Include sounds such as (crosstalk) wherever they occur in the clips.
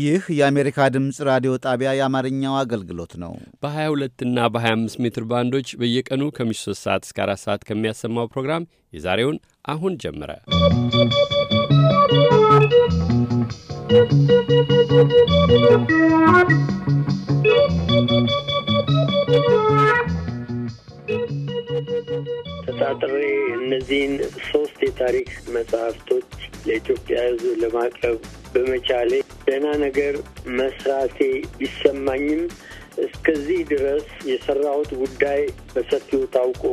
ይህ የአሜሪካ ድምፅ ራዲዮ ጣቢያ የአማርኛው አገልግሎት ነው። በ22 እና በ25 ሜትር ባንዶች በየቀኑ ከ 3 ሰዓት እስከ 4 ሰዓት ከሚያሰማው ፕሮግራም የዛሬውን አሁን ጀመረ። ¶¶ አጣጥሬ እነዚህን ሶስት የታሪክ መጽሐፍቶች ለኢትዮጵያ ሕዝብ ለማቅረብ በመቻሌ ደህና ነገር መስራቴ ቢሰማኝም እስከዚህ ድረስ የሰራሁት ጉዳይ በሰፊው ታውቆ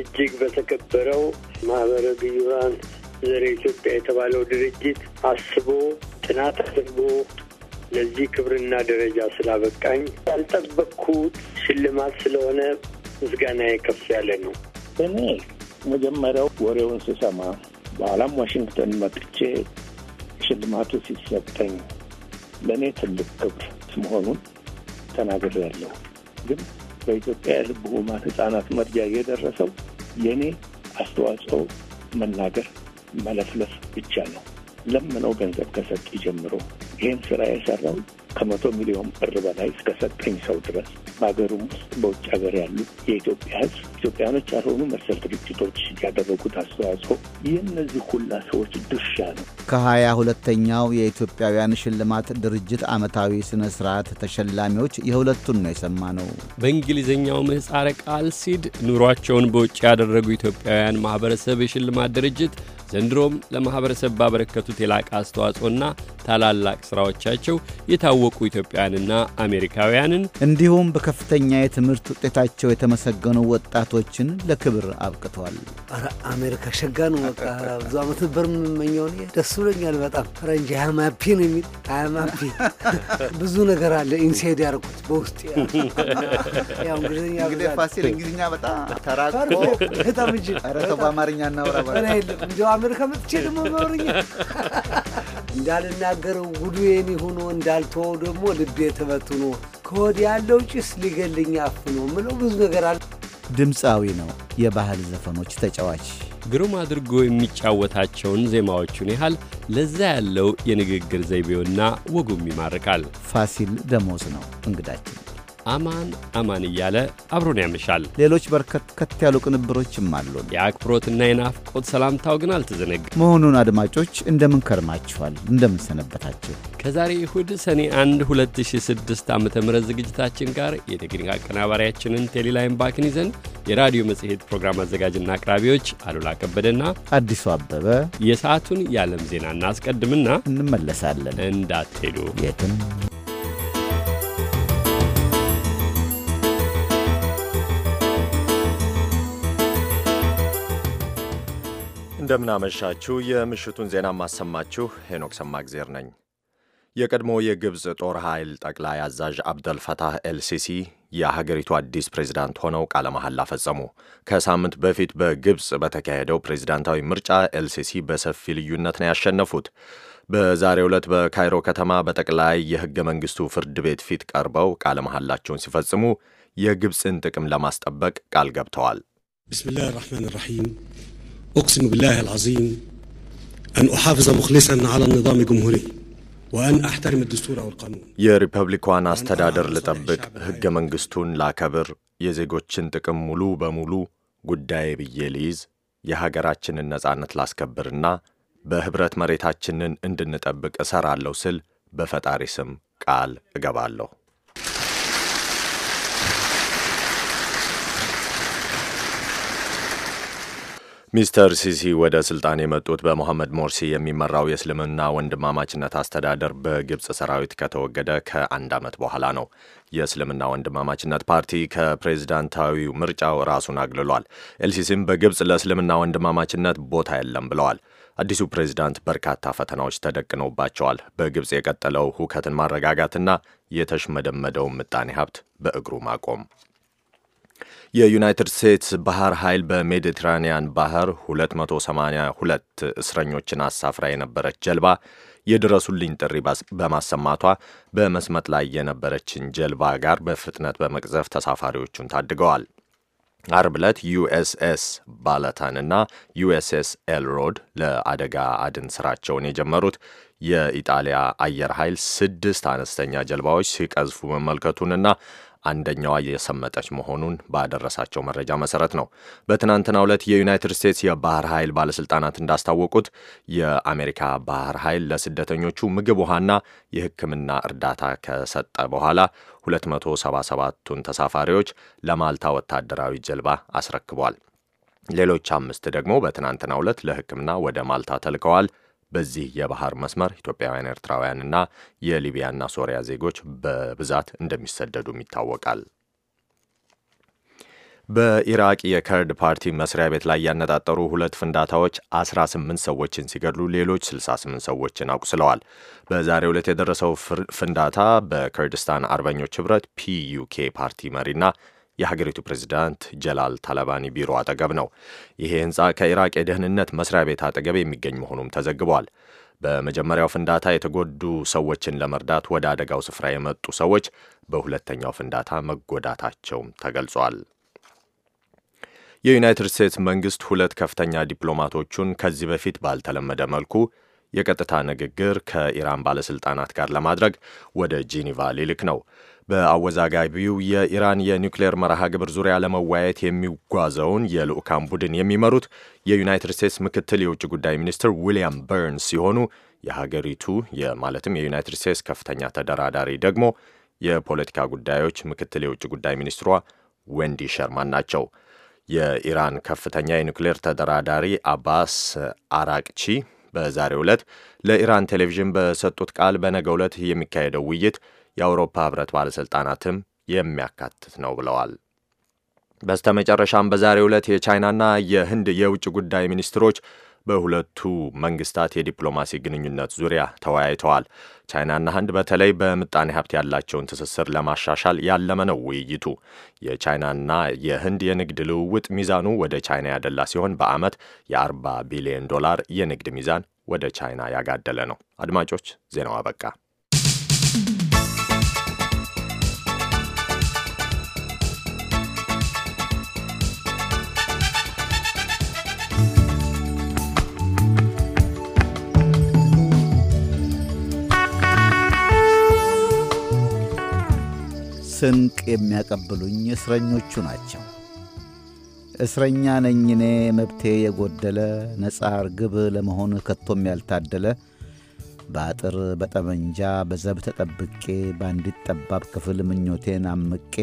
እጅግ በተከበረው ማህበረ ግዩራን ዘር ኢትዮጵያ የተባለው ድርጅት አስቦ ጥናት አድርጎ ለዚህ ክብርና ደረጃ ስላበቃኝ ያልጠበቅኩት ሽልማት ስለሆነ ምስጋናዬ ከፍ ያለ ነው። እኔ መጀመሪያው ወሬውን ስሰማ በኋላም ዋሽንግተን መጥቼ ሽልማቱ ሲሰጠኝ ለእኔ ትልቅ ክብር መሆኑን ተናግሬያለሁ። ግን በኢትዮጵያ የልብ ሕሙማን ሕጻናት መርጃ የደረሰው የእኔ አስተዋጽኦ መናገር መለፍለፍ ብቻ ነው። ለምነው ገንዘብ ከሰጡ ጀምሮ ይህን ስራ የሰራው ከመቶ ሚሊዮን ብር በላይ እስከሰጠኝ ሰው ድረስ በሀገሩም ውስጥ በውጭ ሀገር ያሉ የኢትዮጵያ ሕዝብ ኢትዮጵያኖች ያልሆኑ መሰል ድርጅቶች ያደረጉት አስተዋጽኦ የእነዚህ ሁላ ሰዎች ድርሻ ነው። ከሀያ ሁለተኛው የኢትዮጵያውያን ሽልማት ድርጅት ዓመታዊ ስነ ስርዓት ተሸላሚዎች የሁለቱን ነው የሰማ ነው። በእንግሊዝኛው ምህጻረ ቃል ሲድ ኑሯቸውን በውጭ ያደረጉ ኢትዮጵያውያን ማህበረሰብ የሽልማት ድርጅት ዘንድሮም ለማኅበረሰብ ባበረከቱት የላቀ አስተዋጽኦና ታላላቅ ሥራዎቻቸው የታወቁ ኢትዮጵያውያንና አሜሪካውያንን እንዲሁም በከፍተኛ የትምህርት ውጤታቸው የተመሰገኑ ወጣቶችን ለክብር አብቅተዋል። ኧረ አሜሪካ ሸጋ ነው። በቃ ብዙ ዓመት ነበር የምመኘው። ደስ ብሎኛል በጣም ፈረንጅ ሃማፒ ነው የሚል ሃማፒ ብዙ ነገር አለ ኢንሳይድ ያደርጉት በውስጥ እንግዲህ ፋሲል እንግሊዝኛ በጣም ተራቆ በጣም እንጂ ኧረ ተው በአማርኛ እናውራ ከአሜሪካ መጥቼ ደሞ መብረኛ እንዳልናገረው የኔ ሆኖ እንዳልተወው ደግሞ ልቤ ተበትኖ ከወዲ ያለው ጭስ ሊገልኝ አፍኖ ምለው ብዙ ነገር አለ። ድምፃዊ ነው፣ የባህል ዘፈኖች ተጫዋች ግሩም አድርጎ የሚጫወታቸውን ዜማዎቹን ያህል ለዛ ያለው የንግግር ዘይቤውና ወጉም ይማርካል። ፋሲል ደሞዝ ነው እንግዳችን። አማን አማን እያለ አብሮን ያመሻል። ሌሎች በርከት ያሉ ቅንብሮችም አሉን። የአክብሮትና የናፍቆት ሰላምታው ግን አልተዘነጋ መሆኑን አድማጮች እንደምን ከርማችኋል? እንደምን ሰነበታችሁ? ከዛሬ እሁድ ሰኔ 1 2006 ዓ ም ዝግጅታችን ጋር የቴክኒክ አቀናባሪያችንን ቴሌላይም ባክን ይዘን የራዲዮ መጽሔት ፕሮግራም አዘጋጅና አቅራቢዎች አሉላ ከበደና አዲሱ አበበ የሰዓቱን የዓለም ዜና እናስቀድምና እንመለሳለን። እንዳትሄዱ የትም እንደምናመሻችሁ የምሽቱን ዜና ማሰማችሁ ሄኖክ ሰማግዜር ነኝ። የቀድሞ የግብፅ ጦር ኃይል ጠቅላይ አዛዥ አብደልፈታህ ኤልሲሲ የሀገሪቱ አዲስ ፕሬዝዳንት ሆነው ቃለ መሐላ ፈጸሙ። ከሳምንት በፊት በግብፅ በተካሄደው ፕሬዝዳንታዊ ምርጫ ኤልሲሲ በሰፊ ልዩነት ነው ያሸነፉት። በዛሬው ዕለት በካይሮ ከተማ በጠቅላይ የሕገ መንግሥቱ ፍርድ ቤት ፊት ቀርበው ቃለ መሐላቸውን ሲፈጽሙ የግብፅን ጥቅም ለማስጠበቅ ቃል ገብተዋል። ብስሚላህ ራህማን ራሂም أقسم بالله العظيم أن أحافظ مخلصا على النظام الجمهوري ወአን አሕተርም ድስቱር አውልቃኑ የሪፐብሊኳን አስተዳደር ልጠብቅ፣ ሕገ መንግሥቱን ላከብር፣ የዜጎችን ጥቅም ሙሉ በሙሉ ጉዳዬ ብዬ ልይዝ፣ የሀገራችንን ነጻነት ላስከብርና በህብረት መሬታችንን እንድንጠብቅ እሠራለሁ ስል በፈጣሪ ስም ቃል እገባለሁ። ሚስተር ሲሲ ወደ ስልጣን የመጡት በሞሐመድ ሞርሲ የሚመራው የእስልምና ወንድማማችነት አስተዳደር በግብፅ ሰራዊት ከተወገደ ከአንድ ዓመት በኋላ ነው። የእስልምና ወንድማማችነት ፓርቲ ከፕሬዚዳንታዊው ምርጫው ራሱን አግልሏል። ኤልሲሲም በግብፅ ለእስልምና ወንድማማችነት ቦታ የለም ብለዋል። አዲሱ ፕሬዝዳንት በርካታ ፈተናዎች ተደቅነውባቸዋል። በግብፅ የቀጠለው ሁከትን ማረጋጋትና የተሽመደመደውን ምጣኔ ሀብት በእግሩ ማቆም የዩናይትድ ስቴትስ ባህር ኃይል በሜዲትራኒያን ባህር 282 እስረኞችን አሳፍራ የነበረች ጀልባ የድረሱልኝ ጥሪ በማሰማቷ በመስመጥ ላይ የነበረችን ጀልባ ጋር በፍጥነት በመቅዘፍ ተሳፋሪዎቹን ታድገዋል። አርብ ዕለት ዩኤስኤስ ባለታንና ዩኤስኤስ ኤልሮድ ለአደጋ አድን ስራቸውን የጀመሩት የኢጣሊያ አየር ኃይል ስድስት አነስተኛ ጀልባዎች ሲቀዝፉ መመልከቱንና አንደኛዋ የሰመጠች መሆኑን ባደረሳቸው መረጃ መሰረት ነው። በትናንትናው ዕለት የዩናይትድ ስቴትስ የባህር ኃይል ባለሥልጣናት እንዳስታወቁት የአሜሪካ ባህር ኃይል ለስደተኞቹ ምግብ፣ ውሃና የሕክምና እርዳታ ከሰጠ በኋላ 277ቱን ተሳፋሪዎች ለማልታ ወታደራዊ ጀልባ አስረክቧል። ሌሎች አምስት ደግሞ በትናንትናው ዕለት ለሕክምና ወደ ማልታ ተልከዋል። በዚህ የባህር መስመር ኢትዮጵያውያን፣ ኤርትራውያንና የሊቢያና ሶሪያ ዜጎች በብዛት እንደሚሰደዱም ይታወቃል። በኢራቅ የከርድ ፓርቲ መስሪያ ቤት ላይ ያነጣጠሩ ሁለት ፍንዳታዎች 18 ሰዎችን ሲገድሉ ሌሎች 68 ሰዎችን አቁስለዋል። በዛሬው ዕለት የደረሰው ፍንዳታ በክርድስታን አርበኞች ኅብረት ፒዩኬ ፓርቲ መሪና የሀገሪቱ ፕሬዚዳንት ጀላል ታላባኒ ቢሮ አጠገብ ነው። ይሄ ህንፃ ከኢራቅ የደህንነት መስሪያ ቤት አጠገብ የሚገኝ መሆኑም ተዘግቧል። በመጀመሪያው ፍንዳታ የተጎዱ ሰዎችን ለመርዳት ወደ አደጋው ስፍራ የመጡ ሰዎች በሁለተኛው ፍንዳታ መጎዳታቸውም ተገልጿል። የዩናይትድ ስቴትስ መንግስት ሁለት ከፍተኛ ዲፕሎማቶቹን ከዚህ በፊት ባልተለመደ መልኩ የቀጥታ ንግግር ከኢራን ባለሥልጣናት ጋር ለማድረግ ወደ ጂኒቫ ሊልክ ነው። በአወዛጋቢው የኢራን የኒውክሌር መርሃ ግብር ዙሪያ ለመወያየት የሚጓዘውን የልዑካን ቡድን የሚመሩት የዩናይትድ ስቴትስ ምክትል የውጭ ጉዳይ ሚኒስትር ዊልያም በርንስ ሲሆኑ የሀገሪቱ የማለትም የዩናይትድ ስቴትስ ከፍተኛ ተደራዳሪ ደግሞ የፖለቲካ ጉዳዮች ምክትል የውጭ ጉዳይ ሚኒስትሯ ወንዲ ሸርማን ናቸው። የኢራን ከፍተኛ የኒውክሌር ተደራዳሪ አባስ አራቅቺ በዛሬው ዕለት ለኢራን ቴሌቪዥን በሰጡት ቃል በነገው ዕለት የሚካሄደው ውይይት የአውሮፓ ህብረት ባለሥልጣናትም የሚያካትት ነው ብለዋል። በስተመጨረሻም በዛሬ ዕለት የቻይናና የህንድ የውጭ ጉዳይ ሚኒስትሮች በሁለቱ መንግስታት የዲፕሎማሲ ግንኙነት ዙሪያ ተወያይተዋል። ቻይናና ህንድ በተለይ በምጣኔ ሀብት ያላቸውን ትስስር ለማሻሻል ያለመ ነው ውይይቱ። የቻይናና የህንድ የንግድ ልውውጥ ሚዛኑ ወደ ቻይና ያደላ ሲሆን በዓመት የ40 ቢሊዮን ዶላር የንግድ ሚዛን ወደ ቻይና ያጋደለ ነው። አድማጮች ዜናው አበቃ። ስንቅ የሚያቀብሉኝ እስረኞቹ ናቸው። እስረኛ ነኝ እኔ መብቴ የጎደለ ነጻ ርግብ ለመሆን ከቶም ያልታደለ በአጥር በጠመንጃ በዘብ ተጠብቄ በአንዲት ጠባብ ክፍል ምኞቴን አምቄ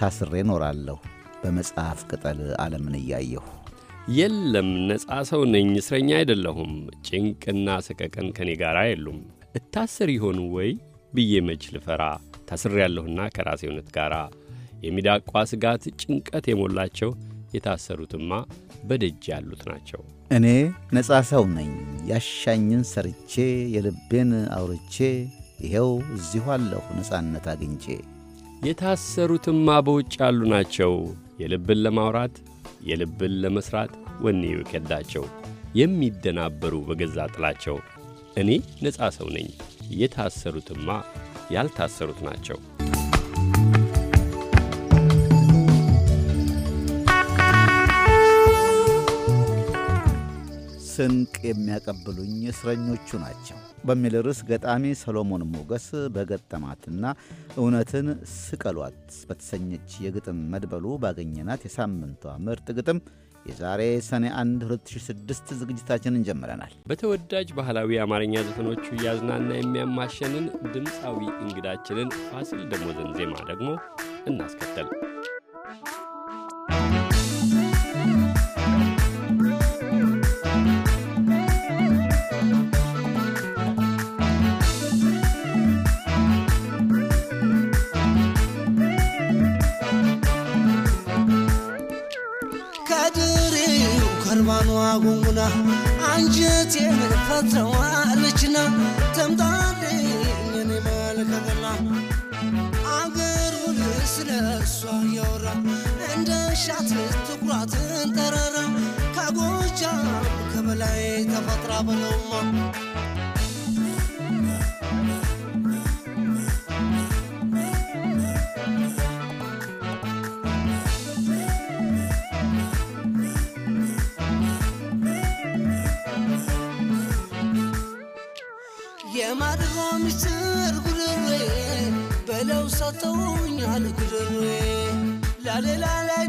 ታስሬ ኖራለሁ በመጽሐፍ ቅጠል ዓለምን እያየሁ። የለም ነጻ ሰው ነኝ እስረኛ አይደለሁም። ጭንቅና ሰቀቀን ከኔ ጋር የሉም። እታስር ይሆኑ ወይ ብዬ መች ልፈራ ያለሁና ከራሴ እውነት ጋር የሚዳቋ ስጋት ጭንቀት የሞላቸው የታሰሩትማ በደጅ ያሉት ናቸው። እኔ ነጻ ሰው ነኝ። ያሻኝን ሰርቼ የልቤን አውርቼ ይኸው እዚሁ አለሁ ነጻነት አግኝቼ። የታሰሩትማ በውጭ ያሉ ናቸው። የልብን ለማውራት የልብን ለመሥራት ወኔ የከዳቸው የሚደናበሩ በገዛ ጥላቸው። እኔ ነጻ ሰው ነኝ። የታሰሩትማ ያልታሰሩት ናቸው። ስንቅ የሚያቀብሉኝ እስረኞቹ ናቸው በሚል ርዕስ ገጣሚ ሰሎሞን ሞገስ በገጠማትና እውነትን ስቀሏት በተሰኘች የግጥም መድበሉ ባገኘናት የሳምንቷ ምርጥ ግጥም የዛሬ ሰኔ 1 2006 ዝግጅታችንን ጀምረናል። በተወዳጅ ባህላዊ የአማርኛ ዘፈኖቹ እያዝናና የሚያማሸንን ድምፃዊ እንግዳችንን ፋሲል ደሞዘን ዜማ ደግሞ እናስከተል። አልባኗ ጉንጉና አንጀቴን ፈተዋለችና ተምጣልኝን መልከገላ አገር ሁል ስለ እሷ እያወራ እንደ ሻት ትኩራትን ጠረራ ከጎጃም ከበላይ ተፈጥራ በለውማ ሚስጥር ጉድሬ በለው ሰጥተውኛል ጉድሬ ላሌላ ላይ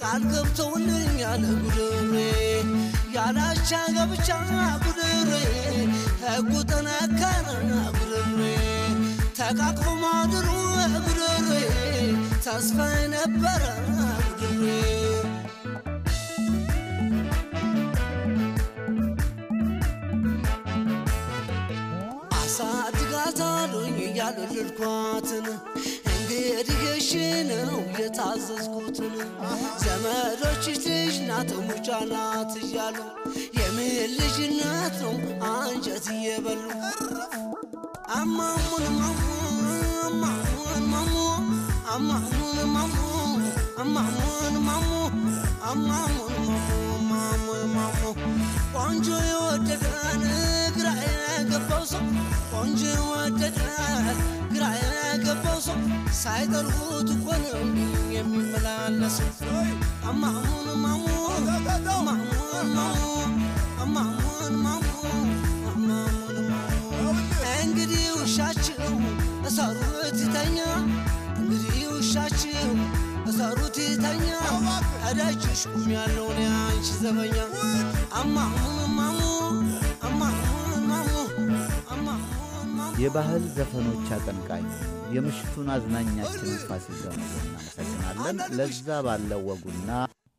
ቃል ገብተውልኛል ያላቻ ገብቻ ህጉ ተቃቅፎ ማድሩ ተስፋ ያልወለድኳትን እንግዲህ እሺ ነው የታዘዝኩትን ዘመዶች ልጅ ናት ሙጫ ናት እያሉ የምን ልጅነት ነው አንጀት እየበሉ አማሙን ማሙ አማሙን ማሙ አማሙን ማሙ አማሙን ማሙ ማሙ ማሙ ቆንጆ የገባው ሰው ቆንጆ ይወደዳል፣ ግራ የገባው ሰው እኮ ነው የሚመላለስ አማሙን ማሙ ማሙን ማሙ አማሙን ማሙ አማሙን ማሙ እንግዲህ ውሻችሁ እሰሩት ይተኛ እንግዲህ ውሻችሁ እሰሩት ይተኛ እዳችሽ ቁም ያለውን ያንቺ ዘበኛ አማሙን የባህል ዘፈኖች አቀንቃኝ የምሽቱን አዝናኛችንን ፋሲል ገመዘን እናመሰግናለን። ለዛ ባለው ወጉና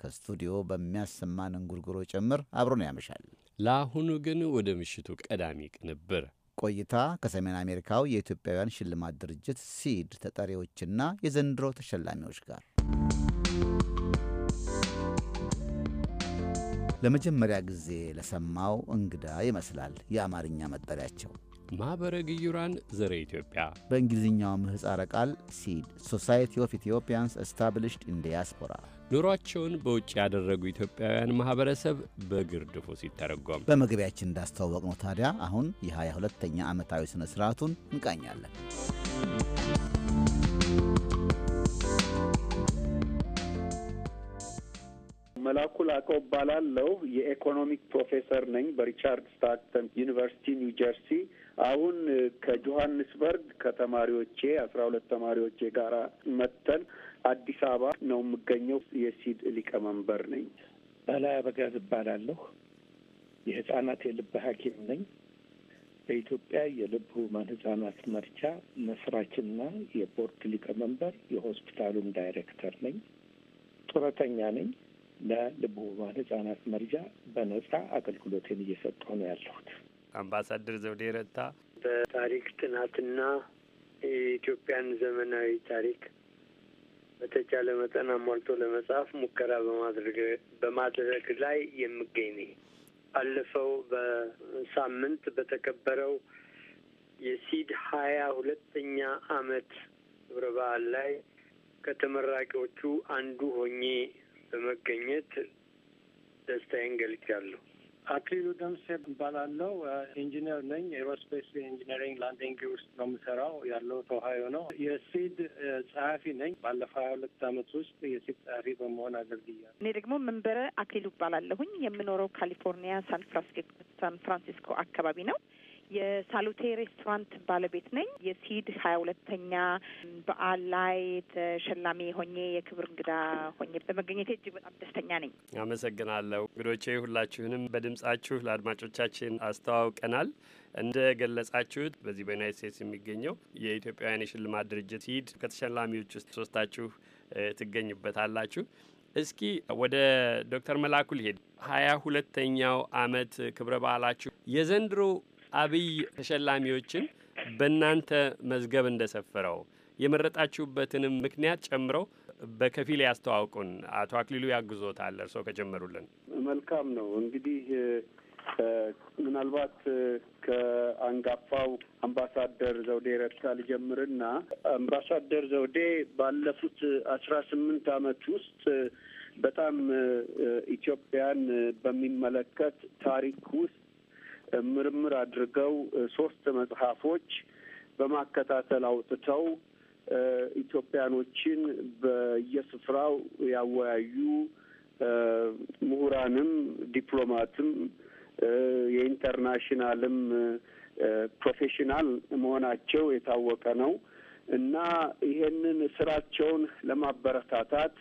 ከስቱዲዮ በሚያሰማን እንጉርጉሮ ጭምር አብሮን ያመሻል። ለአሁኑ ግን ወደ ምሽቱ ቀዳሚ ቅንብር ቆይታ ከሰሜን አሜሪካው የኢትዮጵያውያን ሽልማት ድርጅት ሲድ ተጠሪዎችና የዘንድሮ ተሸላሚዎች ጋር ለመጀመሪያ ጊዜ ለሰማው እንግዳ ይመስላል የአማርኛ መጠሪያቸው። ማኅበረ ግዩራን ዘረ ኢትዮጵያ በእንግሊዝኛው ምህፃረ ቃል ሲድ ሶሳይቲ ኦፍ ኢትዮጵያንስ ኤስታብሊሽድ ኢን ዲያስፖራ ኑሯቸውን በውጭ ያደረጉ ኢትዮጵያውያን ማኅበረሰብ በግርድፉ ሲተረጎም በመግቢያችን እንዳስተዋወቅ ነው። ታዲያ አሁን የሃያ ሁለተኛ ዓመታዊ ሥነ ሥርዓቱን እንቃኛለን። መላኩ ላቀው እባላለሁ። የኢኮኖሚክ ፕሮፌሰር ነኝ በሪቻርድ ስታክተን ዩኒቨርሲቲ ኒው ጀርሲ አሁን ከጆሀንስበርግ ከተማሪዎቼ አስራ ሁለት ተማሪዎቼ ጋራ መጥተን አዲስ አበባ ነው የምገኘው። የሲድ ሊቀመንበር ነኝ። በላይ አበጋዝ እባላለሁ። የህጻናት የልብ ሐኪም ነኝ። በኢትዮጵያ የልብ ህሙማን ህጻናት መርጃ መስራችና የቦርድ ሊቀመንበር፣ የሆስፒታሉን ዳይሬክተር ነኝ። ጡረተኛ ነኝ። ለልብ ህሙማን ህጻናት መርጃ በነጻ አገልግሎቴን እየሰጠሁ ነው ያለሁት። አምባሳደር ዘውዴ ረታ በታሪክ ጥናትና የኢትዮጵያን ዘመናዊ ታሪክ በተቻለ መጠን አሟልቶ ለመጻፍ ሙከራ በማድረግ በማድረግ ላይ የምገኝ ነኝ። ባለፈው በሳምንት በተከበረው የሲድ ሀያ ሁለተኛ አመት ክብረ በዓል ላይ ከተመራቂዎቹ አንዱ ሆኜ በመገኘት ደስታዬን ገልጫለሁ። አክሊሉ ደምስ እባላለሁ። ኢንጂነር ነኝ። ኤሮስፔስ ኢንጂነሪንግ ላንዲንግ ውስጥ ነው የምሰራው። ያለው ኦሃዮ ነው። የሲድ ጸሐፊ ነኝ። ባለፈው ሀያ ሁለት አመት ውስጥ የሲድ ጸሐፊ በመሆን አገልግያለሁ። እኔ ደግሞ መንበረ አክሊሉ እባላለሁኝ። የምኖረው ካሊፎርኒያ ሳን ፍራንሲስኮ አካባቢ ነው። የሳሉቴ ሬስቶራንት ባለቤት ነኝ። የሲድ ሀያ ሁለተኛ በዓል ላይ ተሸላሚ ሆኜ የክብር እንግዳ ሆኜ በመገኘት እጅግ በጣም ደስተኛ ነኝ። አመሰግናለሁ። እንግዶቼ ሁላችሁንም በድምጻችሁ ለአድማጮቻችን አስተዋውቀናል። እንደ ገለጻችሁት በዚህ በዩናይት ስቴትስ የሚገኘው የኢትዮጵያውያን የሽልማት ድርጅት ሲድ ከተሸላሚዎች ውስጥ ሶስታችሁ ትገኙበታላችሁ። እስኪ ወደ ዶክተር መላኩ ልሄድ። ሀያ ሁለተኛው አመት ክብረ በዓላችሁ የዘንድሮ አብይ ተሸላሚዎችን በእናንተ መዝገብ እንደሰፈረው የመረጣችሁበትንም ምክንያት ጨምረው በከፊል ያስተዋውቁን። አቶ አክሊሉ ያግዞታል። እርስዎ ከጀመሩልን መልካም ነው። እንግዲህ ምናልባት ከአንጋፋው አምባሳደር ዘውዴ ረታ ልጀምርና አምባሳደር ዘውዴ ባለፉት አስራ ስምንት አመት ውስጥ በጣም ኢትዮጵያን በሚመለከት ታሪክ ውስጥ ምርምር አድርገው ሶስት መጽሐፎች በማከታተል አውጥተው ኢትዮጵያኖችን በየስፍራው ያወያዩ ምሁራንም ዲፕሎማትም የኢንተርናሽናልም ፕሮፌሽናል መሆናቸው የታወቀ ነው እና ይሄንን ስራቸውን ለማበረታታት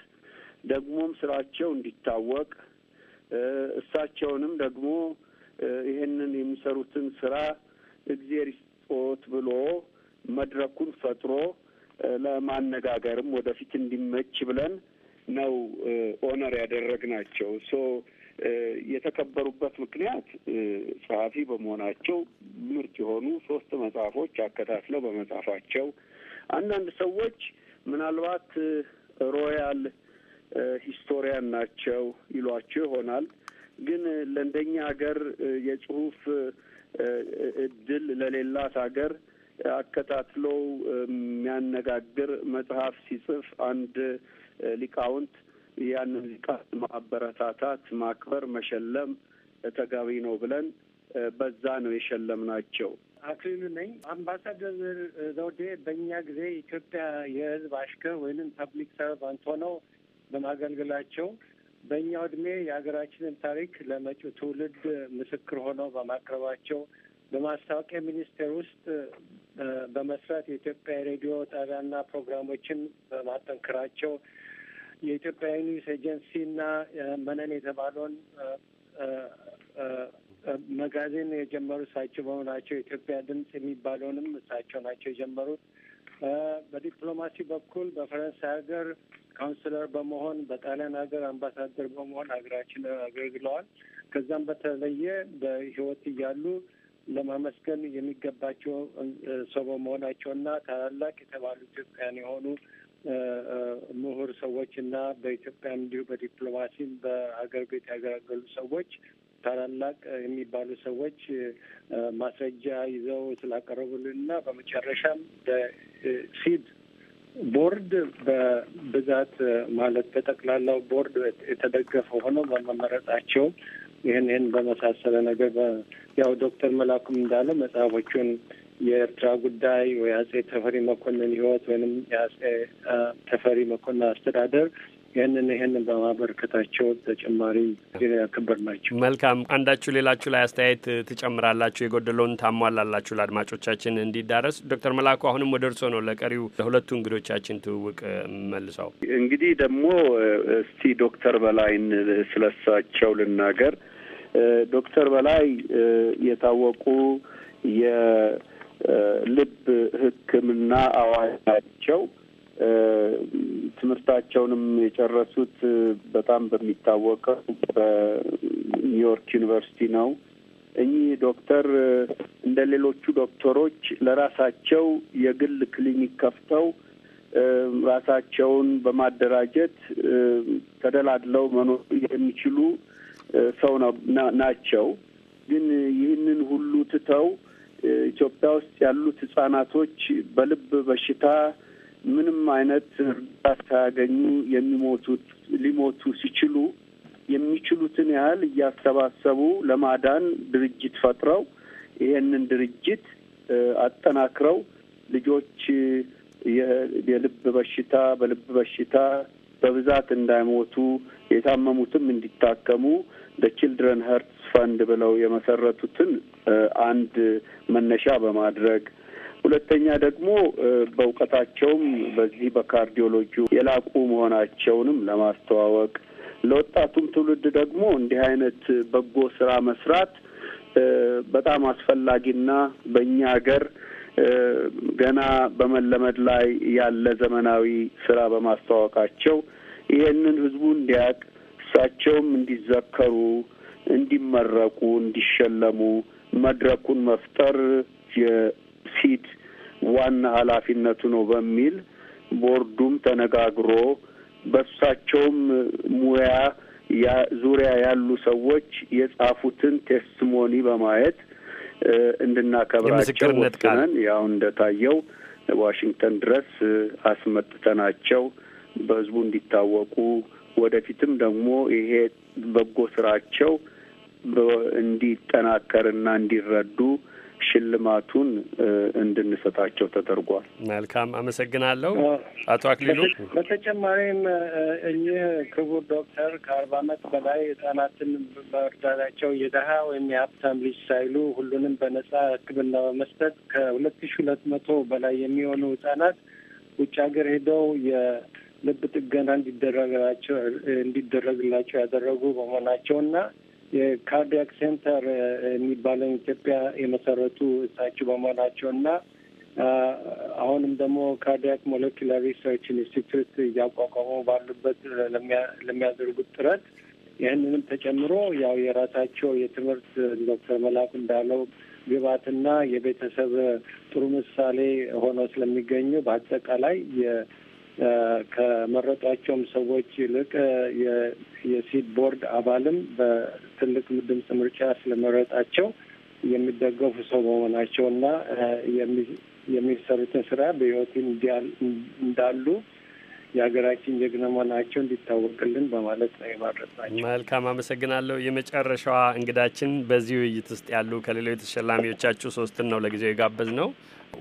ደግሞም ስራቸው እንዲታወቅ እሳቸውንም ደግሞ ይሄንን የሚሰሩትን ስራ እግዜር ይስጦት ብሎ መድረኩን ፈጥሮ ለማነጋገርም ወደፊት እንዲመች ብለን ነው ኦነር ያደረግናቸው። ሶ የተከበሩበት ምክንያት ጸሐፊ በመሆናቸው ምርጥ የሆኑ ሶስት መጽሐፎች አከታትለው በመጻፋቸው አንዳንድ ሰዎች ምናልባት ሮያል ሂስቶሪያን ናቸው ይሏቸው ይሆናል። ግን ለእንደኛ ሀገር የጽሁፍ እድል ለሌላት ሀገር አከታትሎ የሚያነጋግር መጽሐፍ ሲጽፍ አንድ ሊቃውንት ያንን ሊቃ ማበረታታት፣ ማክበር፣ መሸለም ተገቢ ነው ብለን በዛ ነው የሸለም ናቸው። አክሊሉ ነኝ። አምባሳደር ዘውዴ በእኛ ጊዜ ኢትዮጵያ የህዝብ አሽከር ወይንም ፐብሊክ ሰርቫንት ሆነው በማገልገላቸው በእኛው እድሜ የሀገራችንን ታሪክ ለመጪው ትውልድ ምስክር ሆነው በማቅረባቸው በማስታወቂያ ሚኒስቴር ውስጥ በመስራት የኢትዮጵያ ሬዲዮ ጣቢያና ፕሮግራሞችን በማጠንከራቸው የኢትዮጵያ ኒውስ ኤጀንሲና መነን የተባለውን መጋዜን የጀመሩ እሳቸው በመሆናቸው የኢትዮጵያ ድምፅ የሚባለውንም እሳቸው ናቸው የጀመሩት። በዲፕሎማሲ በኩል በፈረንሳይ ሀገር ካውንስለር በመሆን በጣሊያን ሀገር አምባሳደር በመሆን ሀገራችን አገልግለዋል። ከዛም በተለየ በህይወት እያሉ ለማመስገን የሚገባቸው ሰው በመሆናቸውና ታላላቅ የተባሉ ኢትዮጵያን የሆኑ ምሁር ሰዎች እና በኢትዮጵያ እንዲሁ በዲፕሎማሲም በሀገር ቤት ያገለገሉ ሰዎች ታላላቅ የሚባሉ ሰዎች ማስረጃ ይዘው ስላቀረቡልን እና በመጨረሻም በሲድ ቦርድ በብዛት ማለት በጠቅላላው ቦርድ የተደገፈ ሆኖ በመመረጣቸው ይህን ይህን በመሳሰለ ነገር ያው ዶክተር መላኩም እንዳለ መጽሐፎቹን የኤርትራ ጉዳይ ወይ አጼ ተፈሪ መኮንን ህይወት ወይም የአጼ ተፈሪ መኮንን አስተዳደር ይህንን ይህንን በማበረከታቸው ተጨማሪ ናቸው። መልካም አንዳችሁ ሌላችሁ ላይ አስተያየት ትጨምራላችሁ፣ የጎደለውን ታሟላላችሁ ለአድማጮቻችን እንዲዳረስ። ዶክተር መላኩ አሁንም ወደ እርሶ ነው ለቀሪው ለሁለቱ እንግዶቻችን ትውውቅ መልሰው። እንግዲህ ደግሞ እስቲ ዶክተር በላይን ስለሳቸው ልናገር። ዶክተር በላይ የታወቁ የልብ ሕክምና አዋጅ ናቸው። ትምህርታቸውንም የጨረሱት በጣም በሚታወቀው በኒውዮርክ ዩኒቨርሲቲ ነው። እኚህ ዶክተር እንደ ሌሎቹ ዶክተሮች ለራሳቸው የግል ክሊኒክ ከፍተው ራሳቸውን በማደራጀት ተደላድለው መኖር የሚችሉ ሰው ናቸው። ግን ይህንን ሁሉ ትተው ኢትዮጵያ ውስጥ ያሉት ህጻናቶች በልብ በሽታ ምንም አይነት እርዳታ ሳያገኙ የሚሞቱት ሊሞቱ ሲችሉ የሚችሉትን ያህል እያሰባሰቡ ለማዳን ድርጅት ፈጥረው ይሄንን ድርጅት አጠናክረው ልጆች የልብ በሽታ በልብ በሽታ በብዛት እንዳይሞቱ የታመሙትም እንዲታከሙ ለችልድረን ሀርትስ ፈንድ ብለው የመሰረቱትን አንድ መነሻ በማድረግ ሁለተኛ ደግሞ በእውቀታቸውም በዚህ በካርዲዮሎጂ የላቁ መሆናቸውንም ለማስተዋወቅ ለወጣቱም ትውልድ ደግሞ እንዲህ አይነት በጎ ስራ መስራት በጣም አስፈላጊና በእኛ ሀገር ገና በመለመድ ላይ ያለ ዘመናዊ ስራ በማስተዋወቃቸው ይህንን ህዝቡ እንዲያውቅ እሳቸውም እንዲዘከሩ፣ እንዲመረቁ፣ እንዲሸለሙ መድረኩን መፍጠር ሲድ ዋና ኃላፊነቱ ነው በሚል ቦርዱም ተነጋግሮ በሳቸውም ሙያ ዙሪያ ያሉ ሰዎች የጻፉትን ቴስቲሞኒ በማየት እንድናከብራቸው ወስነን ያው እንደታየው ዋሽንግተን ድረስ አስመጥተናቸው በህዝቡ እንዲታወቁ ወደፊትም ደግሞ ይሄ በጎ ስራቸው እንዲጠናከርና እንዲረዱ ሽልማቱን እንድንሰጣቸው ተደርጓል። መልካም አመሰግናለሁ። አቶ አክሊሉ በተጨማሪም እኚህ ክቡር ዶክተር ከአርባ አመት በላይ ህጻናትን በእርዳታቸው የደሀ ወይም የሀብታም ልጅ ሳይሉ ሁሉንም በነጻ ህክምና በመስጠት ከሁለት ሺ ሁለት መቶ በላይ የሚሆኑ ህጻናት ውጭ ሀገር ሄደው የልብ ጥገና እንዲደረግላቸው እንዲደረግላቸው ያደረጉ በመሆናቸው እና የካርዲያክ ሴንተር የሚባለውን ኢትዮጵያ የመሰረቱ እሳቸው በመሆናቸው እና አሁንም ደግሞ ካርዲያክ ሞለኪላር ሪሰርች ኢንስቲትዩት እያቋቋሙ ባሉበት ለሚያደርጉት ጥረት ይህንንም ተጨምሮ ያው የራሳቸው የትምህርት ዶክተር መላኩ እንዳለው ግባትና የቤተሰብ ጥሩ ምሳሌ ሆኖ ስለሚገኙ በአጠቃላይ ከመረጧቸውም ሰዎች ይልቅ የሲድ ቦርድ አባልም በትልቅ ድምፅ ምርጫ ስለመረጣቸው የሚደገፉ ሰው በመሆናቸው እና የሚሰሩትን ስራ በህይወት እንዳሉ የሀገራችን ጀግና መሆናቸው እንዲታወቅልን በማለት ነው ናቸው። መልካም አመሰግናለሁ። የመጨረሻዋ እንግዳችን በዚህ ውይይት ውስጥ ያሉ ከሌሎች ተሸላሚዎቻችሁ ሶስትን ነው ለጊዜው የጋበዝ ነው።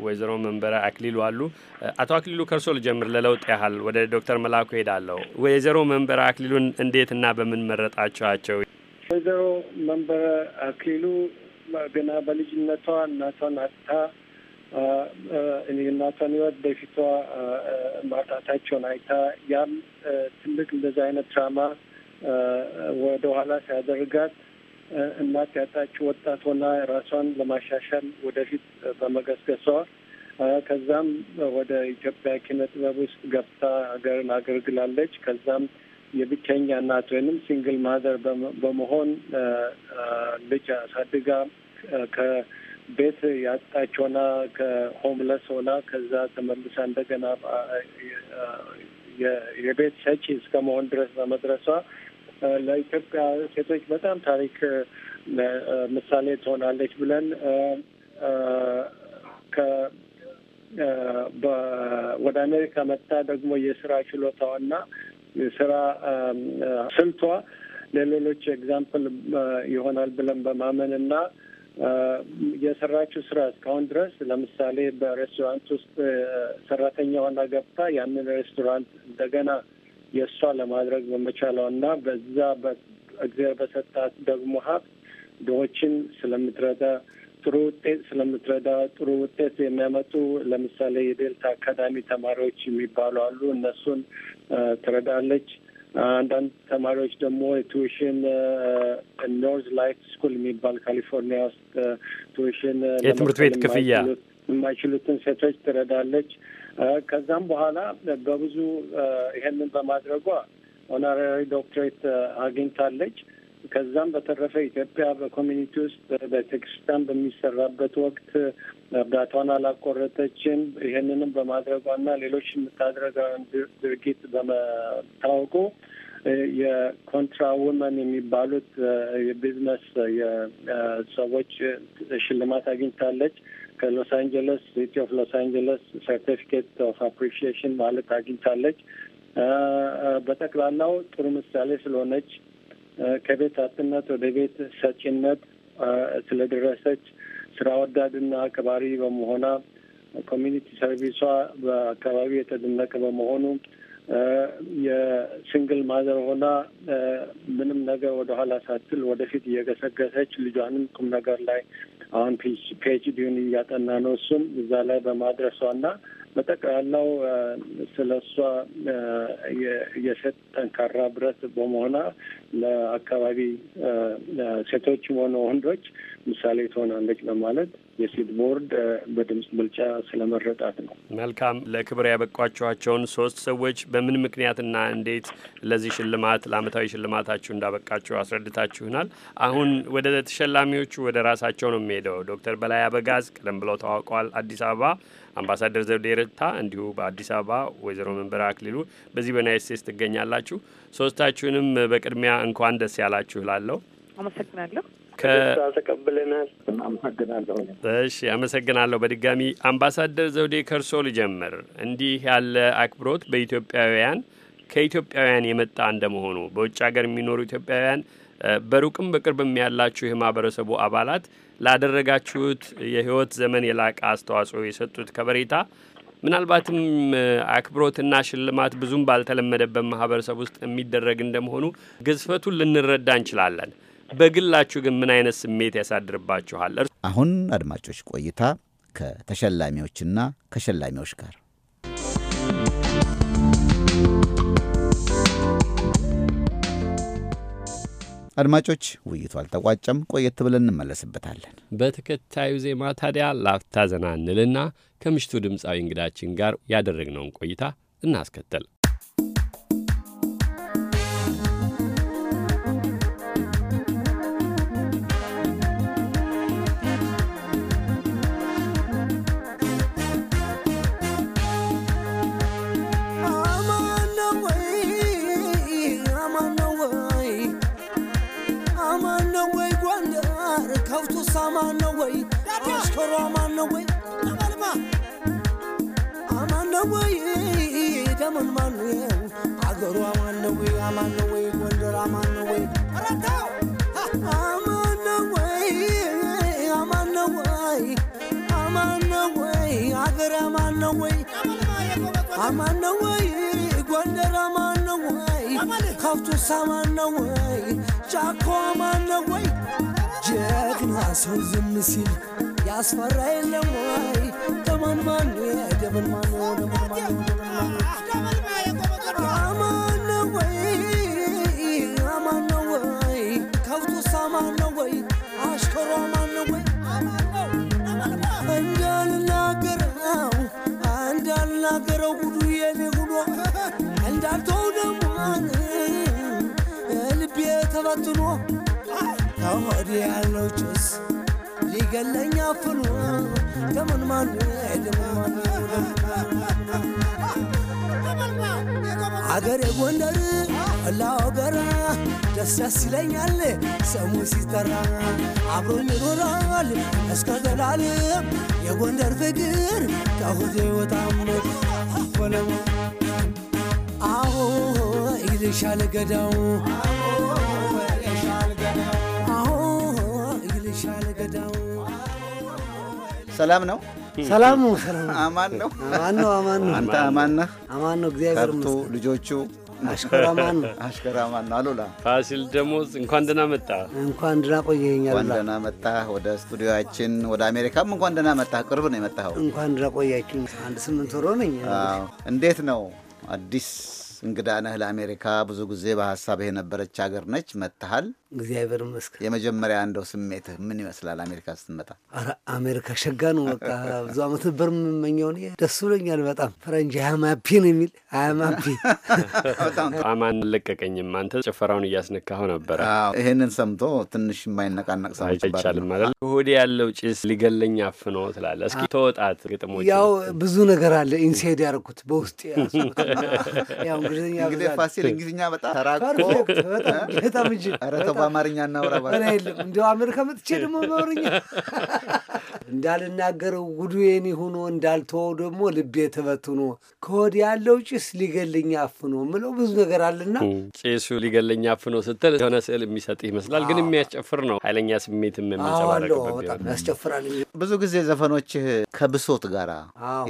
ወይዘሮ መንበረ አክሊሉ አሉ። አቶ አክሊሉ ከእርሶ ልጀምር፣ ለለውጥ ያህል ወደ ዶክተር መላኩ ሄዳለሁ። ወይዘሮ መንበረ አክሊሉን እና በምን መረጣቸዋቸው? ወይዘሮ መንበረ አክሊሉ ገና በልጅነቷ እናቷን አጥታ እናቷን ሕይወት በፊቷ ማጣታቸውን አይታ ያም ትልቅ እንደዚህ አይነት ትራማ ወደ ኋላ ሲያደርጋት እናት ያጣች ወጣት ሆና ራሷን ለማሻሻል ወደፊት በመገስገሷ ከዛም ወደ ኢትዮጵያ ኪነ ጥበብ ውስጥ ገብታ ሀገርን አገልግላለች። ከዛም የብቸኛ እናት ወይንም ሲንግል ማዘር በመሆን ልጅ አሳድጋ ከቤት ያጣች ሆና ከሆምለስ ሆና ከዛ ተመልሳ እንደገና የቤት ሰጪ እስከ መሆን ድረስ በመድረሷ ለኢትዮጵያ ሴቶች በጣም ታሪክ ምሳሌ ትሆናለች ብለን ወደ አሜሪካ መጥታ ደግሞ የስራ ችሎታዋና ስራ ስልቷ ለሌሎች ኤግዛምፕል ይሆናል ብለን በማመን እና የሰራችው ስራ እስካሁን ድረስ ለምሳሌ በሬስቶራንት ውስጥ ሰራተኛ ሆና ገብታ ያንን ሬስቶራንት እንደገና የእሷ ለማድረግ በመቻሏ እና በዛ እግዚአብሔር በሰጣት ደግሞ ሀብት ድሆችን ስለምትረዳ ጥሩ ውጤት ስለምትረዳ ጥሩ ውጤት የሚያመጡ ለምሳሌ የዴልታ አካዳሚ ተማሪዎች የሚባሉ አሉ። እነሱን ትረዳለች። አንዳንድ ተማሪዎች ደግሞ የቱዊሽን ኖርዝ ላይት ስኩል የሚባል ካሊፎርኒያ ውስጥ ቱዊሽን የትምህርት ቤት ክፍያ የማይችሉትን ሴቶች ትረዳለች። ከዛም በኋላ በብዙ ይሄንን በማድረጓ ኦነራሪ ዶክትሬት አግኝታለች። ከዛም በተረፈ ኢትዮጵያ በኮሚኒቲ ውስጥ በቤተክርስቲያን በሚሰራበት ወቅት እርዳታዋን አላቆረጠችም። ይህንንም በማድረጓና ሌሎች የምታደርገውን ድርጊት በመታወቁ የኮንትራ ውመን የሚባሉት የቢዝነስ ሰዎች ሽልማት አግኝታለች። ከሎስ አንጀለስ ሲቲ ኦፍ ሎስ አንጀለስ ሰርቲፊኬት ኦፍ አፕሪሺዬሽን ማለት አግኝታለች። በጠቅላላው ጥሩ ምሳሌ ስለሆነች ከቤት አጥነት ወደ ቤት ሰጪነት ስለደረሰች ስራ ወዳድና አክባሪ በመሆኗ ኮሚኒቲ ሰርቪሷ በአካባቢ የተደነቀ በመሆኑ የሲንግል ማዘር ሆና ምንም ነገር ወደኋላ ሳትል ወደፊት እየገሰገሰች ልጇንም ቁም ነገር ላይ አሁን ፒኤችዲውን እያጠና ነው እሱም እዛ ላይ በማድረሷና በጠቅላላው ስለ እሷ የሴት ጠንካራ ብረት በመሆኗ ለአካባቢ ሴቶችም ሆነ ወንዶች ምሳሌ ትሆናለች ለማለት ቦርድ በድምፅ ምርጫ ስለመረጣት ነው። መልካም። ለክብር ያበቋቸኋቸውን ሶስት ሰዎች በምን ምክንያትና እንዴት ለዚህ ሽልማት ለአመታዊ ሽልማታችሁ እንዳበቃችሁ አስረድታችሁናል። አሁን ወደ ተሸላሚዎቹ ወደ ራሳቸው ነው የሚሄደው። ዶክተር በላይ አበጋዝ ቀደም ብለው ታዋቋል። አዲስ አበባ አምባሳደር ዘውዴ ረታ እንዲሁ በአዲስ አበባ፣ ወይዘሮ መንበር አክሊሉ በዚህ በዩናይት ስቴትስ ትገኛላችሁ። ሶስታችሁንም በቅድሚያ እንኳን ደስ ያላችሁ ላለው አመሰግናለሁ። ተቀብለናል። አመሰግናለሁ። እሺ አመሰግናለሁ። በድጋሚ አምባሳደር ዘውዴ ከርሶ ልጀምር። እንዲህ ያለ አክብሮት በኢትዮጵያውያን ከኢትዮጵያውያን የመጣ እንደመሆኑ በውጭ ሀገር የሚኖሩ ኢትዮጵያውያን በሩቅም በቅርብም ያላችሁ የማህበረሰቡ አባላት ላደረጋችሁት የህይወት ዘመን የላቀ አስተዋጽኦ የሰጡት ከበሬታ ምናልባትም አክብሮትና ሽልማት ብዙም ባልተለመደበት ማህበረሰብ ውስጥ የሚደረግ እንደመሆኑ ግዝፈቱን ልንረዳ እንችላለን። በግላችሁ ግን ምን አይነት ስሜት ያሳድርባችኋል? አሁን አድማጮች ቆይታ ከተሸላሚዎችና ከሸላሚዎች ጋር አድማጮች ውይይቱ አልተቋጨም። ቆየት ብለን እንመለስበታለን። በተከታዩ ዜማ ታዲያ ላፍታ ዘና እንልና ከምሽቱ ድምፃዊ እንግዳችን ጋር ያደረግነውን ቆይታ እናስከተል። አማን ነው ወይ ፓስተሩ አማን ነው ወይ አማን ነው ወይ ደመን ማን ነው አገሩ አማን ነው ወይ አማን ነው ወይ ጎንደር አማን ነው ወይ አማን ነው ወይ አማን ነው ወይ አማን ነው ወይ አገር አማን ነው ወይ አማን ነው ወይ ጎንደር አማን ነው ወይ ከብቱስ አማን ነው ወይ ጫኮ አማን ነው ወይ ሰው ዝም ሲል ያስፈራ የለም ወይ? ደመን ማን ደመን ማን አማን ነው ወይ? አማን ነው ወይ? ከብቱስ አማን ነው ወይ? አሽከሩ አማን ነው ወይ? እንዳልናገረው እንዳልናገረው ጉዱ የኔ ጉዶ እንዳልተው ደግሞ እንዲህ ያለው ጭስ ሊገለኝ አፍኖ ከምን ማን ድሞ አገሬ ጎንደር ደስ ደስ ይለኛል ስሙ ሲጠራ አብሮኝ ይኖራል እስከ ዘላለም የጎንደር ፍቅር ከሆዴ ወጣም አኮለም ይልሻል ገዳው ሰላም ነው። ሰላም ነው። ሰላም አማን ነው። አማን ነው። አማን ነው። አንተ አማን ነህ። አማን ነው። እግዚአብሔር ይመስገን። ልጆቹ አሽከራ ማን ነው? አሽከራማን ነው? አሉላ ፋሲል ደሞዝ እንኳን ደህና መጣ። እንኳን ደህና ቆየኸኝ። እንኳን ደህና መጣ ወደ ስቱዲዮያችን። ወደ አሜሪካም እንኳን ደህና መጣ። ቅርብ ነው የመጣኸው። እንኳን ደህና ቆያችሁ። አንድ ስምንት ወር ሆነኝ። እንዴት ነው አዲስ እንግዳ ነህ ለአሜሪካ። ብዙ ጊዜ በሀሳብህ የነበረች ሀገር ነች፣ መጥተሃል። እግዚአብሔር ይመስገን። የመጀመሪያ እንደው ስሜትህ ምን ይመስላል አሜሪካ ስትመጣ? ኧረ አሜሪካ ሸጋ ነው። በቃ ብዙ አመት ነበር የምመኘው። እኔ ደስ ብሎኛል በጣም ፈረንጅ ሀያማፒ ነው የሚል ሀያማፒ አማን ለቀቀኝም። አንተ ጭፈራውን እያስነካሁ ነበረ። ይህንን ሰምቶ ትንሽ የማይነቃነቅ ሰው አይቻልም ማለት እሁድ ያለው ጭስ ሊገለኝ አፍኖ ትላለ። እስኪ ተወጣት ግጥሞች ያው ብዙ ነገር አለ ኢንሴድ ያደረኩት በውስጥ ያው እንግሊዝኛ እንግዲህ ፋሲል እንግሊዝኛ በጣም ተራቆ በጣም እንጂ ኧረ ተው በአማርኛ እናውራ የለም አሜሪካ መጥቼ ደግሞ በአማርኛ (laughs) እንዳልናገረው ጉዱዬን ሆኖ እንዳልተወው ደግሞ ልቤ ተበትኖ ከወዲ ያለው ጭስ ሊገልኝ አፍኖ ምለው ብዙ ነገር አለና ጭሱ ሊገለኝ አፍኖ ስትል የሆነ ስዕል የሚሰጥ ይመስላል፣ ግን የሚያስጨፍር ነው። ኃይለኛ ስሜትም የሚንጸባረቅበት ያስጨፍራል። ብዙ ጊዜ ዘፈኖችህ ከብሶት ጋር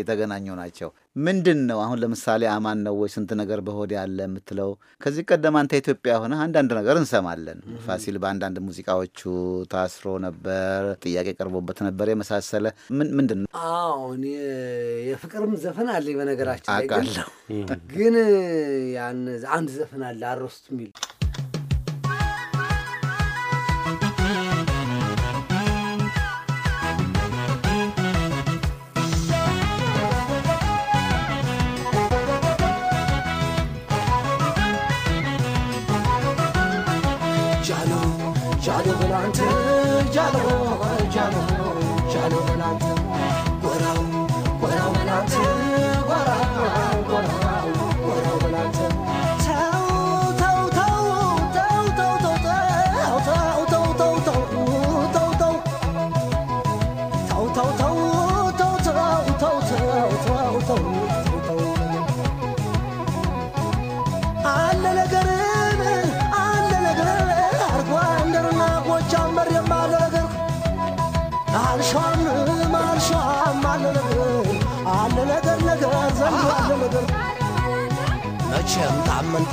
የተገናኙ ናቸው። ምንድን ነው አሁን ለምሳሌ አማን ነው ወይ ስንት ነገር በሆድ ያለ የምትለው? ከዚህ ቀደም አንተ ኢትዮጵያ ሆነ አንዳንድ ነገር እንሰማለን። ፋሲል በአንዳንድ ሙዚቃዎቹ ታስሮ ነበር፣ ጥያቄ ቀርቦበት ነበር የመሳሰለ ምንድን ነው? አዎ የፍቅርም ዘፈን አለ በነገራችን ላይ ግን ያን አንድ ዘፈን አለ አሮስት የሚል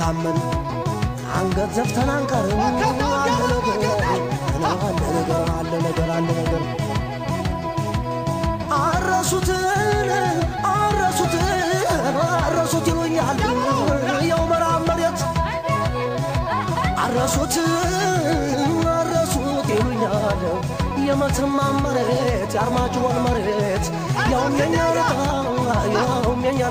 ሳንታመን አንገት ዘፍተን አንቀርም። አንድ ነገር አለ ነገር አለ ነገር አረሱት አረሱት አረሱት ይሉኛል ያው መሬት አረሱት አረሱት ይሉኛል የመተማ መሬት የአርማጭሆን መሬት ያውም የኛ ያውም የኛ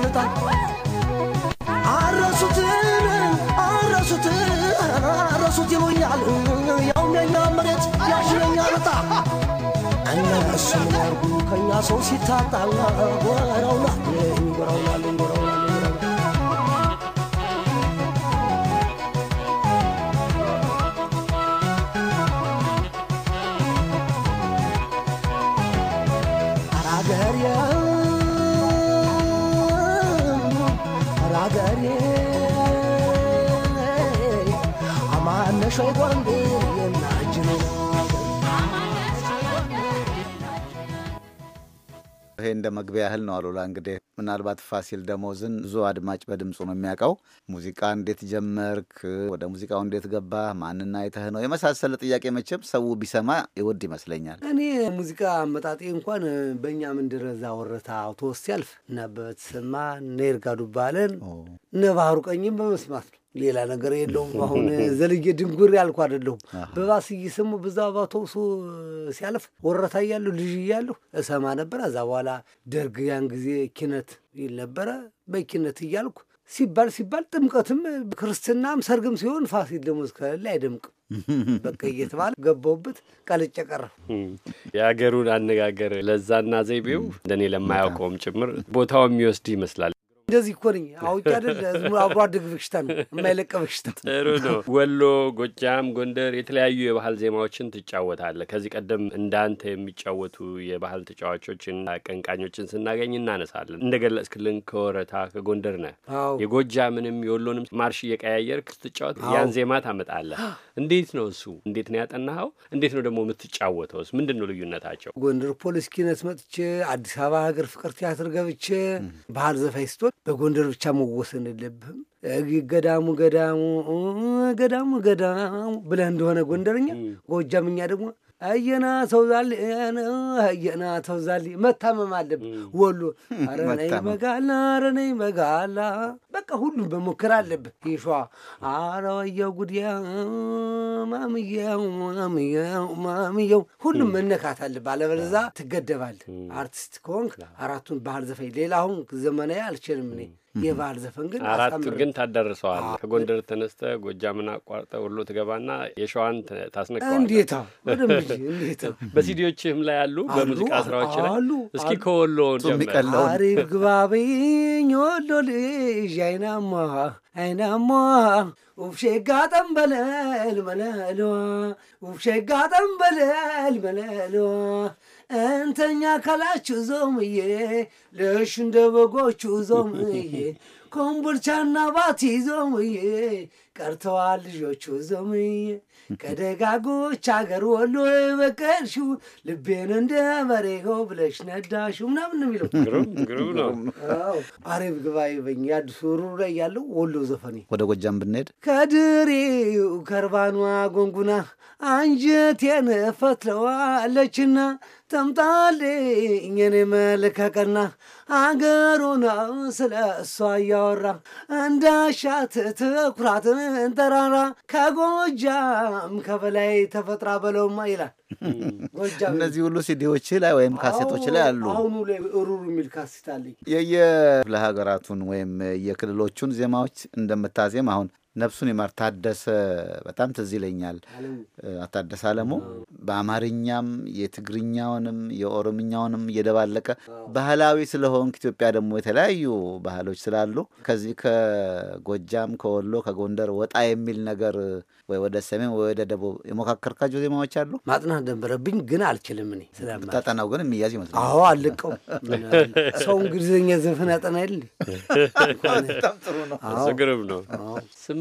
ያሽለኛ በጣ እና እሱም ያርጉ ከእኛ ሰው ሲታጣና ወረውና ይወረውናል እንደ መግቢያ ያህል ነው አሉላ። እንግዲህ ምናልባት ፋሲል ደሞዝን ብዙ አድማጭ በድምፁ ነው የሚያውቀው። ሙዚቃ እንዴት ጀመርክ? ወደ ሙዚቃው እንዴት ገባ? ማንና አይተህ ነው የመሳሰለ ጥያቄ መቼም ሰው ቢሰማ ይወድ ይመስለኛል። እኔ ሙዚቃ አመጣጤ እንኳን በእኛ ምንድረዛ ወረታ አውቶስ ሲያልፍ እነ አበበ ተሰማ እነ ይርጋ ዱባለን እነ ባህሩ ቀኝም በመስማት ነው ሌላ ነገር የለውም። (laughs) አሁን ዘልዬ ድንጉር ያልኩ አይደለሁም። በባስ እየሰሙ በዛ ባተውሱ ሲያልፍ ወረታ እያለሁ ልጅ እያለሁ እሰማ ነበር። እዛ በኋላ ደርግ ያን ጊዜ ኪነት ይል ነበረ። በኪነት እያልኩ ሲባል ሲባል ጥምቀትም ክርስትናም ሰርግም ሲሆን ፋሲል ደግሞ እስከሌለ አይደምቅም። (laughs) በቃ እየተባለ ገባውበት ቀልጬ ቀረ። የአገሩን አነጋገር ለዛና ዘይቤው እንደኔ ለማያውቀውም ጭምር ቦታው የሚወስድ ይመስላል። እንደዚህ እኮ ነኝ አውጭ አይደል አብሮ አደግ በሽታ ነው የማይለቀ በሽታ። ጥሩ ነው። ወሎ፣ ጎጃም፣ ጎንደር የተለያዩ የባህል ዜማዎችን ትጫወታለህ። ከዚህ ቀደም እንዳንተ የሚጫወቱ የባህል ተጫዋቾችን አቀንቃኞችን ስናገኝ እናነሳለን። እንደ ገለጽክልን ከወረታ ከጎንደር ነህ። የጎጃምንም የወሎንም ማርሽ እየቀያየርክ ስትጫወት ያን ዜማ ታመጣለህ። እንዴት ነው እሱ? እንዴት ነው ያጠናኸው? እንዴት ነው ደግሞ የምትጫወተውስ? ምንድን ነው ልዩነታቸው? ጎንደር ፖሊስ ኪነት መጥቼ አዲስ አበባ ሀገር ፍቅር ቲያትር ገብቼ ባህል ዘፋኝ ስትሆን በጎንደር ብቻ መወሰን የለብህም። ገዳሙ ገዳሙ ገዳሙ ገዳሙ ብለህ እንደሆነ ጎንደርኛ፣ ጎጃምኛ ደግሞ አየና ተውዛል አየና ተውዛል መታመም አለብ ወሎ አረነይ መጋላ አረነይ መጋላ በቃ ሁሉም በሞከር አለብ ይሸዋ አረወየው ጉድያ ማምየው ማምየው ማምየው ሁሉም መነካት አለብ አለበለዛ ትገደባል አርቲስት ከሆንክ አራቱን ባህል ዘፈኝ ሌላ አሁን ዘመናዊ አልችልም እኔ የባህል ዘፈን ግን አራቱ ግን ታዳርሰዋል። ከጎንደር ተነስተ ጎጃምን አቋርጠ ወሎ ትገባና የሸዋን ታስነቀዋል። እንዴታ እንዴታ! በሲዲዎችህም ላይ አሉ፣ በሙዚቃ ስራዎች ላይ አሉ። እስኪ ከወሎ አሪፍ ግባብኝ ወሎ ልጅ አይናማ አይናማ ውብሸጋ ጠንበለል በለልዋ ውብሸጋ ጠንበለል በለልዋ እንተኛ ካላችሁ ዞምዬ ለሽ እንደ በጎቹ ዞምዬ ኮምቦልቻና ባቲ ዞምዬ ቀርተዋል ልጆቹ ዞምዬ ከደጋጎች አገር ወሎ በቀልሹ ልቤን እንደ በሬሆ ብለሽ ነዳሹ ምናምን ነው አሬብ ላይ ያለው ወሎ ዘፈኔ። ወደ ጎጃም ብንሄድ ከድሬው ከርባኗ ጎንጉና አንጀቴን ፈትለዋለችና ተምጣልኝ የኔ መልከ ቀና አገሩና ስለ እሷ እያወራ እንዳሻት ትኩራትን ተራራ ከጎጃም ከበላይ ተፈጥራ በለውማ ይላል። (laughs) እነዚህ ሁሉ ሲዲዎች ላይ ወይም ካሴቶች ላይ አሉ። አሁኑ ላይ ሩሩ የሚል ካሴት አለኝ። የየክፍለ ሀገራቱን ወይም የክልሎቹን ዜማዎች እንደምታዜም አሁን ነፍሱን ይማር ታደሰ በጣም ትዝ ይለኛል። አታደሰ አለሙ በአማርኛም የትግርኛውንም የኦሮምኛውንም እየደባለቀ ባህላዊ ስለሆንክ ኢትዮጵያ ደግሞ የተለያዩ ባህሎች ስላሉ ከዚህ ከጎጃም ከወሎ ከጎንደር ወጣ የሚል ነገር ወይ ወደ ሰሜን ወይ ወደ ደቡብ የሞካከርካቸው ዜማዎች አሉ። ማጥናት ነበረብኝ ግን አልችልም። እኔ ስለምታጠናው ግን የሚያዝ ይመስላል። አዎ አልቀው ሰው እንግሊዝኛ ዘፈን ያጠና ይል (laughs) በጣም ጥሩ ነው። ግርም ነው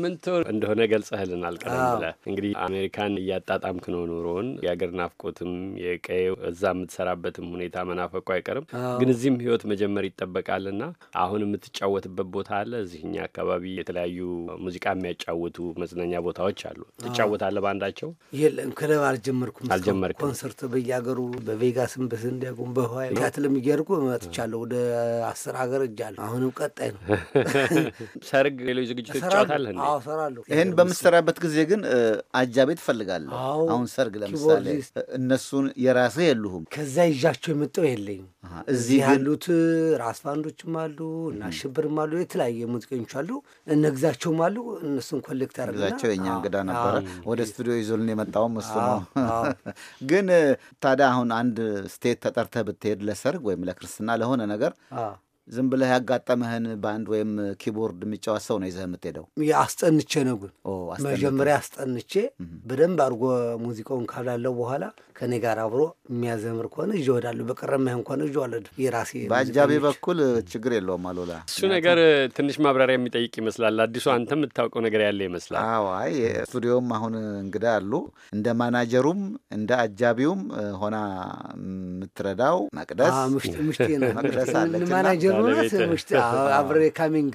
ስምንት ወር እንደሆነ ገልጸህልናል። ቀደም እንግዲህ አሜሪካን እያጣጣምክ ነው ኑሮውን፣ የአገር ናፍቆትም የቀየው እዛ የምትሰራበትም ሁኔታ መናፈቁ አይቀርም። ግን እዚህም ህይወት መጀመር ይጠበቃልና አሁን የምትጫወትበት ቦታ አለ። እዚህኛ አካባቢ የተለያዩ ሙዚቃ የሚያጫውቱ መዝናኛ ቦታዎች አሉ። ትጫወታለ በአንዳቸው? የለም፣ ክለብ አልጀመርኩም። አልጀመር ኮንሰርት በየሀገሩ በቬጋስም በስንዲያጎም በሀዋይ ያትልም ለሚጀርጉ መጥቻለሁ። ወደ አስር ሀገር እጃለሁ። አሁንም ቀጣይ ነው። (laughs) ሰርግ፣ ሌሎች ዝግጅቶች ትጫወታለህ? አፈራለሁ። ይህን በምሰራበት ጊዜ ግን አጃቤ ትፈልጋለህ። አሁን ሰርግ ለምሳሌ እነሱን የራስህ የሉሁም። ከዛ ይዣቸው የመጣው የለኝም። እዚህ ያሉት ራስ ባንዶችም አሉ እና ሽብርም አሉ፣ የተለያየ ሙዚቀኞች አሉ፣ እነግዛቸውም አሉ። እነሱን ኮሌክት ያደርግናቸው የኛ እንግዳ ነበረ ወደ ስቱዲዮ ይዞልን የመጣውም እሱ ነው። (laughs) ግን ታዲያ አሁን አንድ ስቴት ተጠርተህ ብትሄድ ለሰርግ ወይም ለክርስትና ለሆነ ነገር ዝም ብለህ ያጋጠመህን ባንድ ወይም ኪቦርድ የሚጫወት ሰው ነው ይዘህ የምትሄደው? አስጠንቼ ነው። ግን መጀመሪያ አስጠንቼ በደንብ አድርጎ ሙዚቃውን ካላለው በኋላ ከኔ ጋር አብሮ የሚያዘምር ከሆነ ይዤ እሄዳለሁ። በቀረመህ እንኳን ይዤ አልሄድም። የራሴ በአጃቢ በኩል ችግር የለውም። አሉላ እሱ ነገር ትንሽ ማብራሪያ የሚጠይቅ ይመስላል። አዲሱ አንተ የምታውቀው ነገር ያለ ይመስላል። አዎ፣ አይ ስቱዲዮም አሁን እንግዳ አሉ። እንደ ማናጀሩም እንደ አጃቢውም ሆና የምትረዳው መቅደስ መቅደስ አለች አብሬ ካሚንግ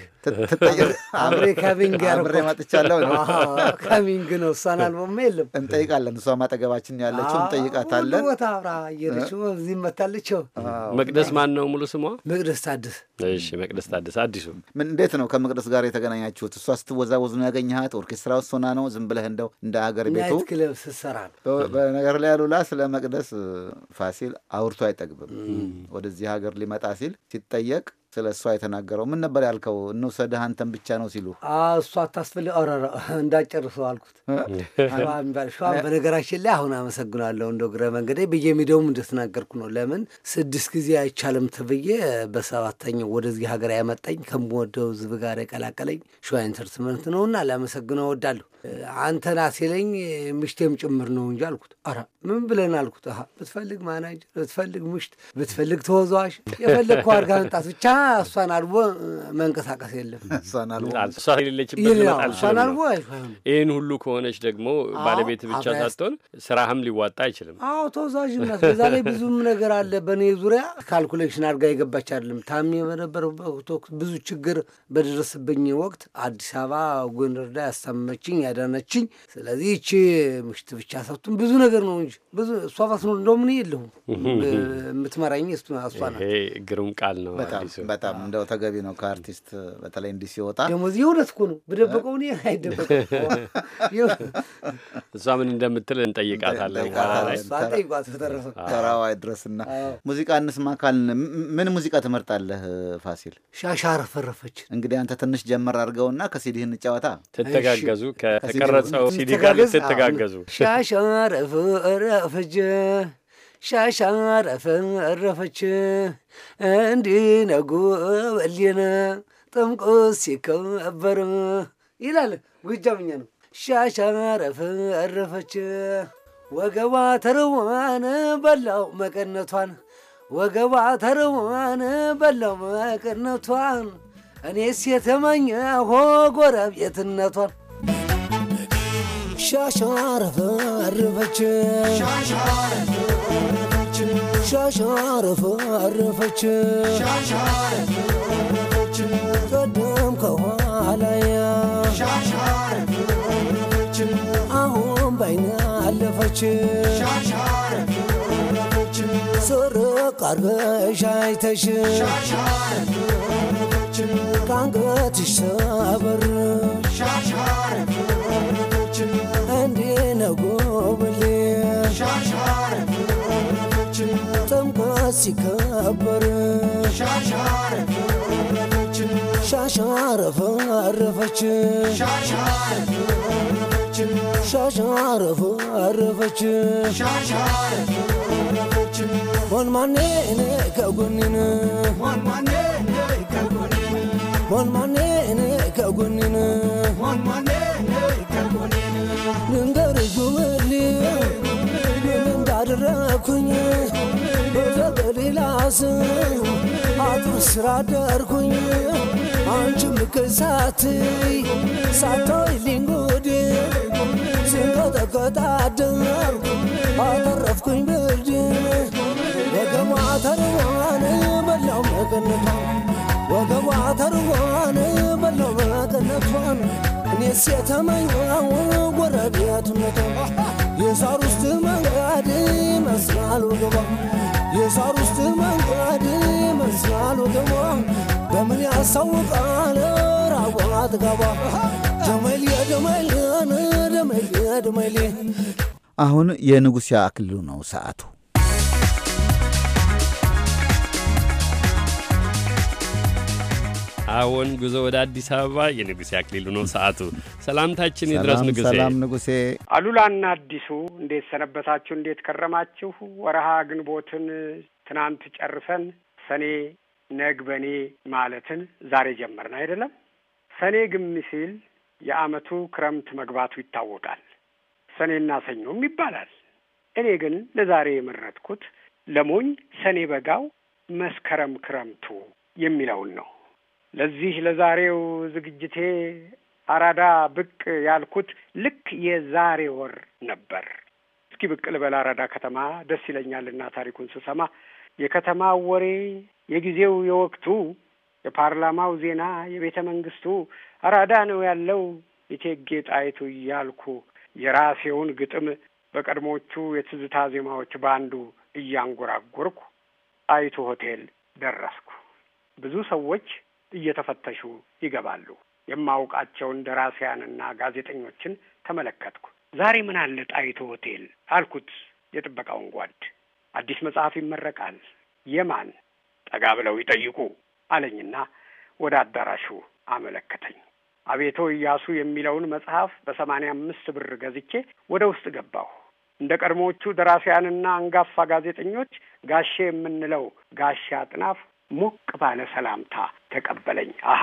(laughs) አብሬ ካሚንግ አብሬ ማጥቻለሁ ነው ካሚንግ ነው። እሷን የለም እንጠይቃለን። ያለችው እንጠይቃታለን። ቦታ አብራ እዚህ መቅደስ ማን ነው ሙሉ ስሟ? መቅደስ ታድስ። እሺ መቅደስ ታድስ። አዲሱ ምን እንዴት ነው ከመቅደስ ጋር የተገናኛችሁት? እሷ ስትወዛወዝ ነው ያገኘሃት? ኦርኬስትራ ውስጥ ሆና ነው? ዝም ብለህ እንደው እንደ አገር ቤቱ ናይት ክለብ ስትሰራ ነው። በነገር ላይ ያሉላ ስለ መቅደስ ፋሲል አውርቶ አይጠግብም። ወደዚህ ሀገር ሊመጣ ሲል ሲጠየቅ ስለ እሷ የተናገረው ምን ነበር ያልከው? እንውሰድህ አንተን ብቻ ነው ሲሉ እሷ አታስፈል ረረ እንዳጨርሰው አልኩት። በነገራችን ላይ አሁን አመሰግናለሁ እንደ ግረ መንገዴ ብዬ የሚደውም እንደተናገርኩ ነው። ለምን ስድስት ጊዜ አይቻልም ተብዬ በሰባተኛው ወደዚህ ሀገር ያመጣኝ ከምወደው ዝብ ጋር የቀላቀለኝ ሸዋ ኢንተርትመንት እና ላመሰግነው እወዳለሁ። አንተና ሲለኝ ምሽቴም ጭምር ነው እንጂ አልኩት። ኧረ ምን ብለን አልኩት። ብትፈልግ ማናጀር፣ ብትፈልግ ምሽት፣ ብትፈልግ ተወዛዋሽ፣ የፈለግከው አድርጋ መምጣት ብቻ እሷን አልቦ መንቀሳቀስ የለም። እሷ አልቦ ይህን ሁሉ ከሆነች ደግሞ ባለቤት ብቻ ሳትሆን ስራህም ሊዋጣ አይችልም። አዎ ተወዛዋሽነት፣ በዛ ላይ ብዙም ነገር አለ። በእኔ ዙሪያ ካልኩሌሽን አድርጋ የገባች አይደለም። ታሜ በነበረበት ብዙ ችግር በደረስብኝ ወቅት አዲስ አበባ ጎንደር ላይ ያስታመመችኝ ያዳነችኝ። ስለዚህ ይቺ ምሽት ብቻ ሳቱን ብዙ ነገር ነው እንጂ ብዙ እሷ ፋስ ነው እንደውም እኔ የለሁም (laughs) የምትመራኝ እሷ ናት። ግሩም ቃል ነው። በጣም እንደው ተገቢ ነው ከአርቲስት በተለይ እንዲህ ሲወጣ ደግሞ እዚህ የእውነት እኮ ነው ብደበቀው እኔ አይደበቀ እሷ ምን እንደምትል እንጠይቃታለን። ተራዋ ድረስና ሙዚቃ እንስማ ካልን ምን ሙዚቃ ትመርጣለህ ፋሲል? ሻሻ ረፈረፈች። እንግዲህ አንተ ትንሽ ጀመር አድርገውና ከሲዲህ እንጫወታ ትተጋገዙ ከ ከተቀረጸው ሲዲ ጋር ልትተጋገዙ ሻሻረፍ ረፈች ሻሻረፍ ረፈች ነጉ በሌነ ጥምቁ ሲከበር ይላል። ጎጃምኛ ነው። ሻሻረፍ ረፈች ወገባ ተርዋን በላው መቀነቷን ወገባ ተርዋን በላው መቀነቷን እኔስ የተመኘ ሆ ጎረቤትነቷን ሻሻረ አረፈች ሻሻረ አረፈች ቀደም ከኋላያ አሁን በይና አለፈች ስርቅ አርበሽ አይተሽ ከአንገትሽ ሰበር ለጎብሌ ጥምቀት ሲከበር ሻሻ ረፈረፈች ሻሻ ረፈረፈች ሞንማኔ ወንማኔ ሞንማኔ ያዝ አብር ስራ አደርጉኝ አንቺ ምቅሳትይ ሳቶይ ሊንጉድ ስንቆጠቆጣደርኩ አተረፍኩኝ ብርድ ወገቧ በላው መቀነቷን ወገቧ በላው መቀነቷን እኔስ የተመኘው ጎረቤቱነቷ የሳር ውስጥ መንገድ መስላል ወገቧ የሳር ውስጥ መንገድ መስላሉ ግማ በምን ያሳውቃል ራቧት ገባ ደመሌ ደመሌን ደመሌ ደመሌ አሁን የንጉሥ ያክልሉ ነው ሰዓቱ። አሁን ጉዞ ወደ አዲስ አበባ የንጉሴ አክሊሉ ነው ሰዓቱ። ሰላምታችን ይድረስ ንጉሴ። ሰላም ንጉሴ። አሉላና አዲሱ እንዴት ሰነበታችሁ? እንዴት ከረማችሁ? ወረሃ ግንቦትን ትናንት ጨርሰን ሰኔ ነግበኔ ማለትን ዛሬ ጀመርን አይደለም? ሰኔ ግም ሲል የአመቱ ክረምት መግባቱ ይታወቃል። ሰኔና ሰኞም ይባላል። እኔ ግን ለዛሬ የመረጥኩት ለሞኝ ሰኔ በጋው መስከረም ክረምቱ የሚለውን ነው። ለዚህ ለዛሬው ዝግጅቴ አራዳ ብቅ ያልኩት ልክ የዛሬ ወር ነበር። እስኪ ብቅ ልበል አራዳ ከተማ ደስ ይለኛልና ታሪኩን ስሰማ የከተማው ወሬ፣ የጊዜው የወቅቱ፣ የፓርላማው ዜና፣ የቤተ መንግስቱ አራዳ ነው ያለው እቴጌ ጣይቱ እያልኩ የራሴውን ግጥም በቀድሞቹ የትዝታ ዜማዎች በአንዱ እያንጎራጎርኩ ጣይቱ ሆቴል ደረስኩ። ብዙ ሰዎች እየተፈተሹ ይገባሉ። የማውቃቸውን ደራሲያንና ጋዜጠኞችን ተመለከትኩ። ዛሬ ምን አለ ጣይቱ ሆቴል አልኩት የጥበቃውን ጓድ። አዲስ መጽሐፍ ይመረቃል። የማን ጠጋ ብለው ይጠይቁ አለኝና ወደ አዳራሹ አመለከተኝ። አቤቶ እያሱ የሚለውን መጽሐፍ በሰማንያ አምስት ብር ገዝቼ ወደ ውስጥ ገባሁ። እንደ ቀድሞዎቹ ደራሲያንና አንጋፋ ጋዜጠኞች ጋሼ የምንለው ጋሻ አጥናፍ ሞቅ ባለ ሰላምታ ተቀበለኝ። አሀ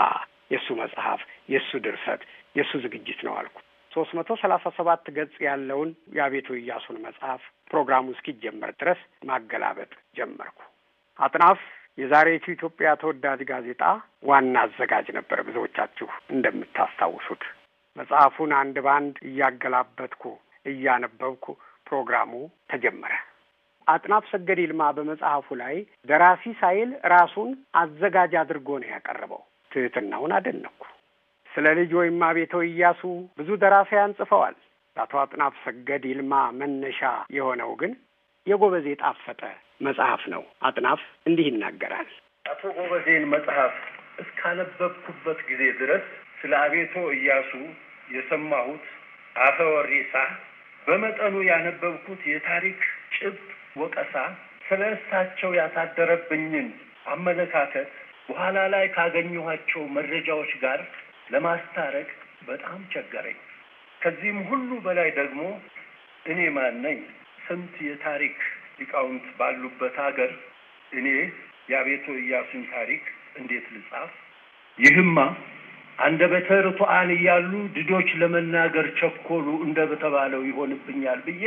የእሱ መጽሐፍ፣ የእሱ ድርሰት፣ የእሱ ዝግጅት ነው አልኩ። ሶስት መቶ ሰላሳ ሰባት ገጽ ያለውን የአቤቱ ኢያሱን መጽሐፍ ፕሮግራሙ እስኪጀመር ድረስ ማገላበጥ ጀመርኩ። አጥናፍ የዛሬቱ ኢትዮጵያ ተወዳጅ ጋዜጣ ዋና አዘጋጅ ነበር። ብዙዎቻችሁ እንደምታስታውሱት መጽሐፉን አንድ ባንድ እያገላበጥኩ እያነበብኩ ፕሮግራሙ ተጀመረ። አጥናፍ ሰገድ ይልማ በመጽሐፉ ላይ ደራሲ ሳይል ራሱን አዘጋጅ አድርጎ ነው ያቀረበው። ትህትናውን አደነኩ። ስለ ልጅ ወይም አቤተው እያሱ ብዙ ደራሲያን ጽፈዋል። አቶ አጥናፍ ሰገድ ይልማ መነሻ የሆነው ግን የጎበዜ ጣፈጠ መጽሐፍ ነው። አጥናፍ እንዲህ ይናገራል። አቶ ጎበዜን መጽሐፍ እስካነበብኩበት ጊዜ ድረስ ስለ አቤቶ እያሱ የሰማሁት አፈወሪሳ በመጠኑ ያነበብኩት የታሪክ ጭብ ወቀሳ ስለ እሳቸው ያሳደረብኝን አመለካከት በኋላ ላይ ካገኘኋቸው መረጃዎች ጋር ለማስታረቅ በጣም ቸገረኝ። ከዚህም ሁሉ በላይ ደግሞ እኔ ማን ነኝ? ስንት የታሪክ ሊቃውንት ባሉበት ሀገር እኔ የአቤቶ ኢያሱን ታሪክ እንዴት ልጻፍ? ይህማ አንደበተ ርቱዓን እያሉ ድዶች ለመናገር ቸኮሉ እንደተባለው ይሆንብኛል ብዬ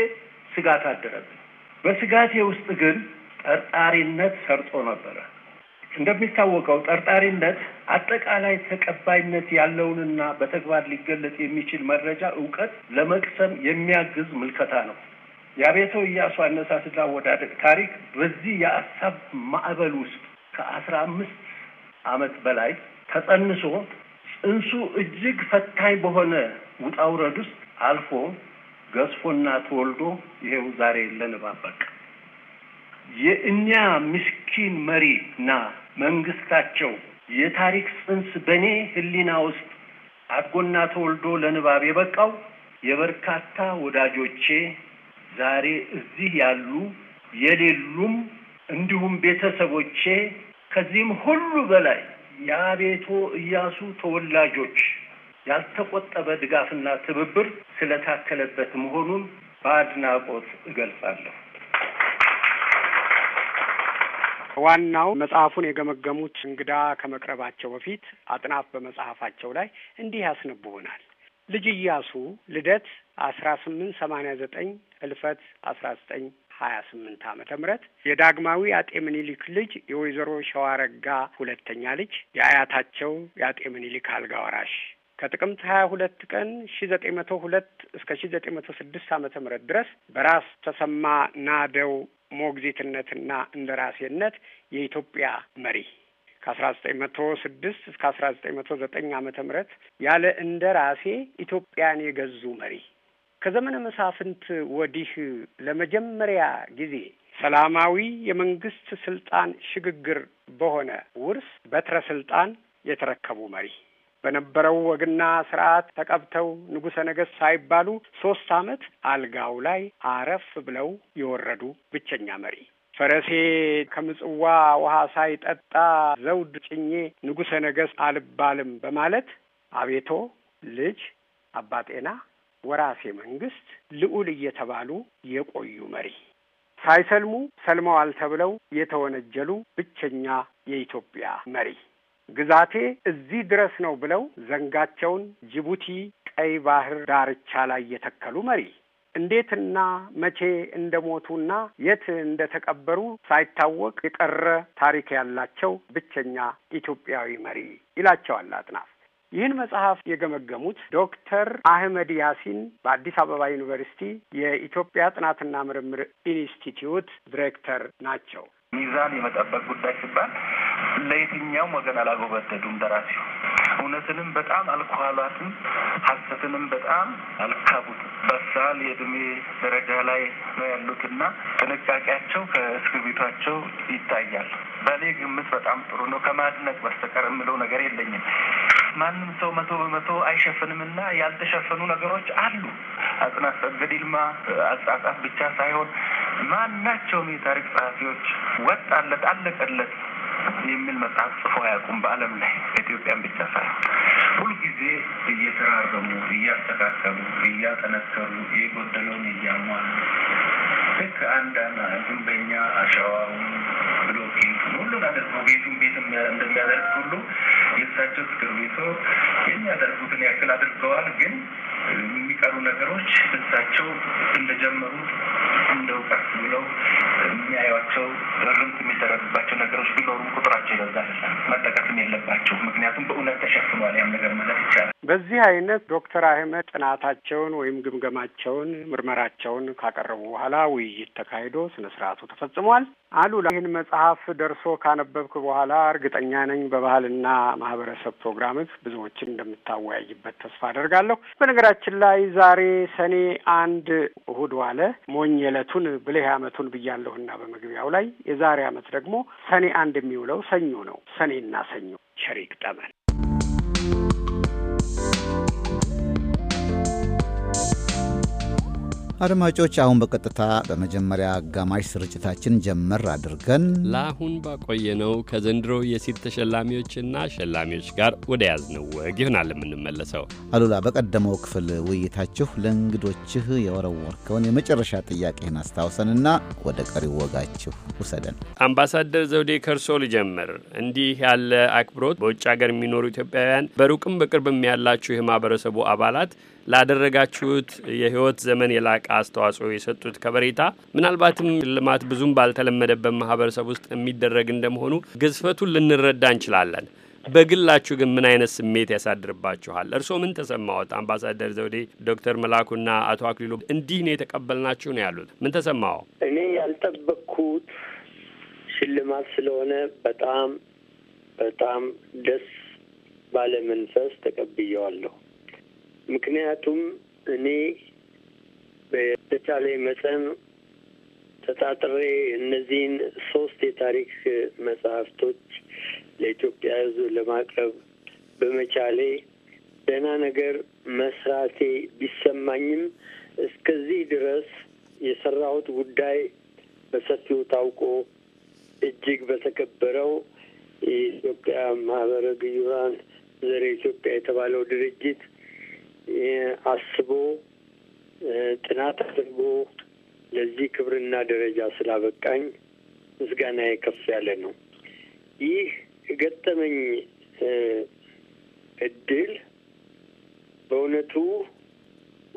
ስጋት አደረብኝ። በስጋቴ ውስጥ ግን ጠርጣሪነት ሰርጦ ነበረ። እንደሚታወቀው ጠርጣሪነት አጠቃላይ ተቀባይነት ያለውንና በተግባር ሊገለጽ የሚችል መረጃ እውቀት ለመቅሰም የሚያግዝ ምልከታ ነው። የአቤተው እያሱ አነሳስና አወዳደቅ ታሪክ በዚህ የአሳብ ማዕበል ውስጥ ከአስራ አምስት ዓመት በላይ ተጸንሶ ጽንሱ እጅግ ፈታኝ በሆነ ውጣውረድ ውስጥ አልፎ ገዝፎና ተወልዶ ይሄው ዛሬ የለንም። አበቃ። የእኛ ምስኪን መሪና መንግስታቸው የታሪክ ጽንስ በእኔ ህሊና ውስጥ አድጎና ተወልዶ ለንባብ የበቃው የበርካታ ወዳጆቼ ዛሬ እዚህ ያሉ የሌሉም እንዲሁም ቤተሰቦቼ ከዚህም ሁሉ በላይ የአቤቶ እያሱ ተወላጆች ያልተቆጠበ ድጋፍና ትብብር ስለታከለበት መሆኑን በአድናቆት እገልጻለሁ። ዋናው መጽሐፉን የገመገሙት እንግዳ ከመቅረባቸው በፊት አጥናፍ በመጽሐፋቸው ላይ እንዲህ ያስነብቡናል። ልጅ እያሱ ልደት አስራ ስምንት ሰማኒያ ዘጠኝ እልፈት አስራ ዘጠኝ ሀያ ስምንት አመተ ምህረት የዳግማዊ አጤ ምኒልክ ልጅ የወይዘሮ ሸዋረጋ ሁለተኛ ልጅ የአያታቸው የአጤ ምኒልክ አልጋ ወራሽ ከጥቅምት ሀያ ሁለት ቀን ሺ ዘጠኝ መቶ ሁለት እስከ ሺ ዘጠኝ መቶ ስድስት ዓመተ ምህረት ድረስ በራስ ተሰማ ናደው ሞግዚትነትና እንደራሴነት የኢትዮጵያ መሪ ከአስራ ዘጠኝ መቶ ስድስት እስከ አስራ ዘጠኝ መቶ ዘጠኝ ዓመተ ምህረት ያለ እንደራሴ ኢትዮጵያን የገዙ መሪ ከዘመነ መሳፍንት ወዲህ ለመጀመሪያ ጊዜ ሰላማዊ የመንግስት ስልጣን ሽግግር በሆነ ውርስ በትረ ስልጣን የተረከቡ መሪ በነበረው ወግና ስርዓት ተቀብተው ንጉሠ ነገሥት ሳይባሉ ሶስት ዓመት አልጋው ላይ አረፍ ብለው የወረዱ ብቸኛ መሪ ፈረሴ ከምጽዋ ውሃ ሳይጠጣ ዘውድ ጭኜ ንጉሠ ነገሥት አልባልም በማለት አቤቶ ልጅ አባጤና ወራሴ መንግስት ልዑል እየተባሉ የቆዩ መሪ ሳይሰልሙ ሰልመዋል ተብለው የተወነጀሉ ብቸኛ የኢትዮጵያ መሪ ግዛቴ እዚህ ድረስ ነው ብለው ዘንጋቸውን ጅቡቲ ቀይ ባህር ዳርቻ ላይ የተከሉ መሪ እንዴትና መቼ እንደሞቱና የት እንደተቀበሩ ሳይታወቅ የቀረ ታሪክ ያላቸው ብቸኛ ኢትዮጵያዊ መሪ ይላቸዋል አጥናፍ። ይህን መጽሐፍ የገመገሙት ዶክተር አህመድ ያሲን በአዲስ አበባ ዩኒቨርሲቲ የኢትዮጵያ ጥናትና ምርምር ኢንስቲትዩት ዲሬክተር ናቸው። ሚዛን የመጠበቅ ጉዳይ ሲባል ለየትኛውም ወገን አላጎበደዱም። ደራሲው እውነትንም በጣም አልኳሏትም፣ ሀሰትንም በጣም አልካቡትም። በሳል የእድሜ ደረጃ ላይ ነው ያሉትና ጥንቃቄያቸው ከእስክሪብቷቸው ይታያል። በእኔ ግምት በጣም ጥሩ ነው። ከማድነቅ በስተቀር የምለው ነገር የለኝም። ማንም ሰው መቶ በመቶ አይሸፍንምና ያልተሸፈኑ ነገሮች አሉ። አጽናፈ ጽጌ ዲልማ አጻጻፍ ብቻ ሳይሆን ማናቸውም የታሪክ ጸሐፊዎች ወጣለት አለቀለት የሚል መጽሐፍ ጽፎ አያውቁም። በዓለም ላይ ኢትዮጵያን ብቻ ሳይሆን ሁልጊዜ እየተራረሙ፣ እያስተካከሉ፣ እያጠነከሩ የጎደለውን እያሟሉ ልክ አንድ ግንበኛ አሸዋውን ብሎኬቱ ሁሉን አደርገው ቤቱን ቤት እንደሚያደርግ ሁሉ የእሳቸው ምክር ቤቶ የሚያደርጉትን ያክል አድርገዋል ግን ሰዎች እሳቸው እንደጀመሩት እንደው ብለው የሚያዩቸው እርምት የሚደረግባቸው ነገሮች ቢኖሩም ቁጥራቸው ይበዛል። መጠቀስም የለባቸው ምክንያቱም በእውነት ተሸፍኗል። ያም ነገር ማለት ይቻላል። በዚህ አይነት ዶክተር አህመድ ጥናታቸውን ወይም ግምገማቸውን ምርመራቸውን ካቀረቡ በኋላ ውይይት ተካሂዶ ስነ ስርዓቱ ተፈጽሟል። አሉላ ይህን መጽሐፍ ደርሶ ካነበብክ በኋላ እርግጠኛ ነኝ በባህልና ማህበረሰብ ፕሮግራምህ ብዙዎችን እንደምታወያይበት ተስፋ አደርጋለሁ። በነገራችን ላይ ዛሬ ሰኔ አንድ እሁድ ዋለ ሞኝ ዕለቱን ብልህ ዓመቱን ብያለሁና በመግቢያው ላይ የዛሬ አመት ደግሞ ሰኔ አንድ የሚውለው ሰኞ ነው። ሰኔና ሰኞ ሸሪክ ጠመን አድማጮች አሁን በቀጥታ በመጀመሪያ አጋማሽ ስርጭታችን ጀመር አድርገን ለአሁን ባቆየነው ከዘንድሮ የሲድ ተሸላሚዎችና ሸላሚዎች ጋር ወደ ያዝነው ወግ ይሆናል የምንመለሰው። አሉላ፣ በቀደመው ክፍል ውይይታችሁ ለእንግዶችህ የወረወርከውን የመጨረሻ ጥያቄህን አስታውሰንና ወደ ቀሪው ወጋችሁ ውሰደን። አምባሳደር ዘውዴ ከርሶ ልጀምር። እንዲህ ያለ አክብሮት በውጭ ሀገር የሚኖሩ ኢትዮጵያውያን በሩቅም በቅርብም ያላችሁ የማህበረሰቡ አባላት ላደረጋችሁት የህይወት ዘመን የላቀ አስተዋጽኦ የሰጡት ከበሬታ ምናልባትም ሽልማት ብዙም ባልተለመደበት ማህበረሰብ ውስጥ የሚደረግ እንደመሆኑ ግዝፈቱን ልንረዳ እንችላለን። በግላችሁ ግን ምን አይነት ስሜት ያሳድርባችኋል? እርስዎ ምን ተሰማዎት? አምባሳደር ዘውዴ ዶክተር መላኩና አቶ አክሊሉ እንዲህ ነው የተቀበልናችሁ ነው ያሉት። ምን ተሰማው? እኔ ያልጠበቅኩት ሽልማት ስለሆነ በጣም በጣም ደስ ባለመንፈስ ተቀብየዋለሁ። ምክንያቱም እኔ በተቻለ መጠን ተጣጥሬ እነዚህን ሶስት የታሪክ መጽሐፍቶች ለኢትዮጵያ ሕዝብ ለማቅረብ በመቻሌ ደህና ነገር መስራቴ ቢሰማኝም እስከዚህ ድረስ የሰራሁት ጉዳይ በሰፊው ታውቆ እጅግ በተከበረው የኢትዮጵያ ማህበረ ግዩራን ዘረ ኢትዮጵያ የተባለው ድርጅት አስቦ ጥናት አድርጎ ለዚህ ክብርና ደረጃ ስላበቃኝ ምስጋና የከፍ ያለ ነው። ይህ የገጠመኝ እድል በእውነቱ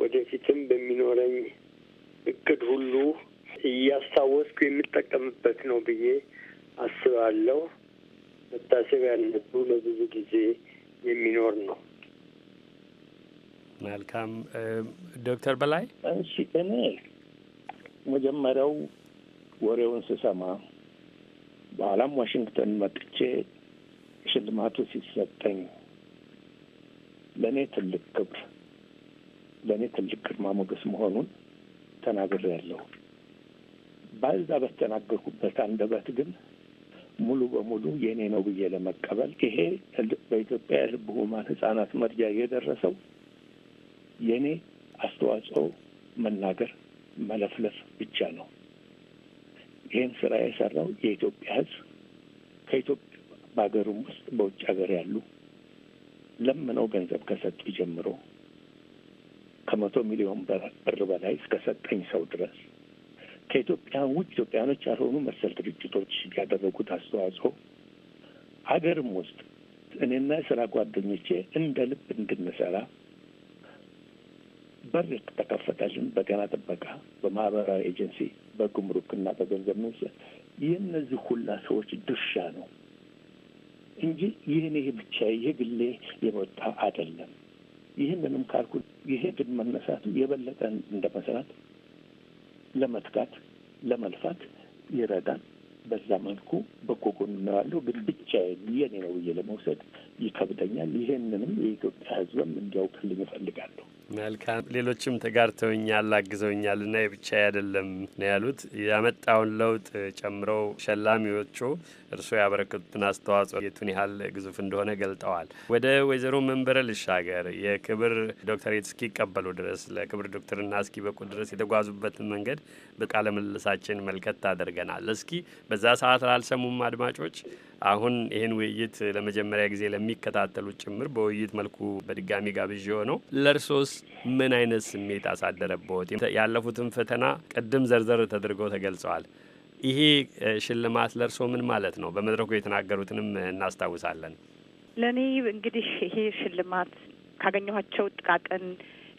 ወደፊትም በሚኖረኝ እቅድ ሁሉ እያስታወስኩ የምጠቀምበት ነው ብዬ አስባለሁ። መታሰቢያነቱ ለብዙ ጊዜ የሚኖር ነው። መልካም ዶክተር በላይ እሺ፣ እኔ መጀመሪያው ወሬውን ስሰማ በኋላም ዋሽንግተን መጥቼ ሽልማቱ ሲሰጠኝ ለእኔ ትልቅ ክብር፣ ለእኔ ትልቅ ግርማ ሞገስ መሆኑን ተናግሬያለሁ። በዛ በተናገርኩበት አንደበት ግን ሙሉ በሙሉ የእኔ ነው ብዬ ለመቀበል ይሄ በኢትዮጵያ የልብ ሕሙማን ሕጻናት መርጃ የደረሰው የእኔ አስተዋጽኦ መናገር መለፍለፍ ብቻ ነው። ይህን ስራ የሰራው የኢትዮጵያ ህዝብ ከኢትዮጵያ በሀገሩም ውስጥ በውጭ ሀገር ያሉ ለምነው ገንዘብ ከሰጡ ጀምሮ ከመቶ ሚሊዮን ብር በላይ እስከ ሰጠኝ ሰው ድረስ ከኢትዮጵያ ውጭ ኢትዮጵያኖች ያልሆኑ መሰል ድርጅቶች ያደረጉት አስተዋጽኦ ሀገርም ውስጥ እኔና የስራ ጓደኞቼ እንደ ልብ እንድንሰራ በር ተከፈተልን። በጤና ጥበቃ፣ በማህበራዊ ኤጀንሲ፣ በጉምሩክና በገንዘብ ሚኒስቴር የእነዚህ ሁላ ሰዎች ድርሻ ነው እንጂ ይህን ይሄ ብቻ የግሌ የመጣ አይደለም። ይህንንም ካልኩ ይሄ ግን መነሳቱ የበለጠ እንደ መሰራት ለመትጋት ለመልፋት ይረዳል። በዛ መልኩ በጎ ጎን ግን ብቻዬን የኔ ነው ብዬ ለመውሰድ ይከብደኛል። ይህንንም የኢትዮጵያ ሕዝብም እንዲያውቅልኝ እፈልጋለሁ። መልካም ሌሎችም ተጋርተውኛል አግዘውኛል እና የብቻ አይደለም ነው ያሉት። ያመጣውን ለውጥ ጨምረው ሸላሚዎቹ እርስዎ ያበረከቱትን አስተዋጽኦ የቱን ያህል ግዙፍ እንደሆነ ገልጠዋል። ወደ ወይዘሮ መንበረ ልሻገር የክብር ዶክተሬት እስኪቀበሉ ድረስ ለክብር ዶክተርና እስኪበቁ ድረስ የተጓዙበትን መንገድ በቃለ ምልልሳችን መልከት ታደርገናል። እስኪ በዛ ሰዓት ላልሰሙም አድማጮች አሁን ይህን ውይይት ለመጀመሪያ ጊዜ ለሚከታተሉት ጭምር በውይይት መልኩ በድጋሚ ጋብዥ የሆነው ለእርሶስ ምን አይነት ስሜት አሳደረበት? ያለፉትን ፈተና ቅድም ዘርዘር ተደርገው ተገልጸዋል። ይሄ ሽልማት ለእርሶ ምን ማለት ነው? በመድረኩ የተናገሩትንም እናስታውሳለን። ለእኔ እንግዲህ ይሄ ሽልማት ካገኘኋቸው ጥቃቅን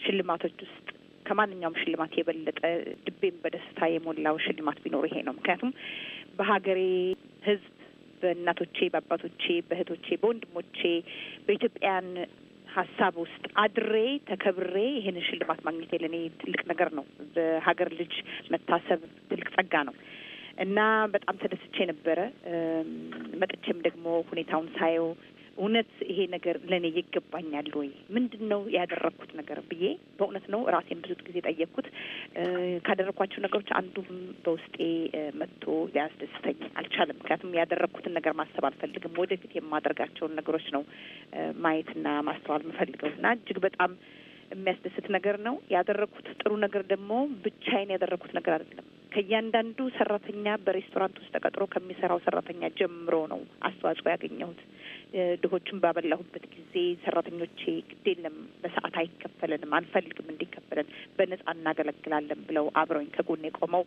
ሽልማቶች ውስጥ ከማንኛውም ሽልማት የበለጠ ልቤም በደስታ የሞላው ሽልማት ቢኖር ይሄ ነው። ምክንያቱም በሀገሬ ሕዝብ በእናቶቼ፣ በአባቶቼ፣ በእህቶቼ፣ በወንድሞቼ በኢትዮጵያን ሀሳብ ውስጥ አድሬ ተከብሬ ይህንን ሽልማት ማግኘት ለእኔ ትልቅ ነገር ነው። በሀገር ልጅ መታሰብ ትልቅ ጸጋ ነው እና በጣም ተደስቼ ነበረ። መጥቼም ደግሞ ሁኔታውን ሳየው እውነት ይሄ ነገር ለእኔ ይገባኛል ወይ ምንድን ነው ያደረግኩት ነገር ብዬ በእውነት ነው ራሴን ብዙ ጊዜ ጠየቅኩት። ካደረግኳቸው ነገሮች አንዱም በውስጤ መጥቶ ሊያስደስተኝ አልቻለም። ምክንያቱም ያደረግኩትን ነገር ማሰብ አልፈልግም። ወደፊት የማደርጋቸውን ነገሮች ነው ማየትና ማስተዋል የምፈልገው እና እጅግ በጣም የሚያስደስት ነገር ነው ያደረግኩት። ጥሩ ነገር ደግሞ ብቻዬን ያደረግኩት ነገር አይደለም። ከእያንዳንዱ ሰራተኛ በሬስቶራንት ውስጥ ተቀጥሮ ከሚሰራው ሰራተኛ ጀምሮ ነው አስተዋጽኦ ያገኘሁት። ድሆችን ባበላሁበት ጊዜ ሰራተኞቼ ግድ የለም በሰዓት አይከፈለንም፣ አንፈልግም እንዲከፈለን፣ በነጻ እናገለግላለን ብለው አብረውኝ ከጎን የቆመው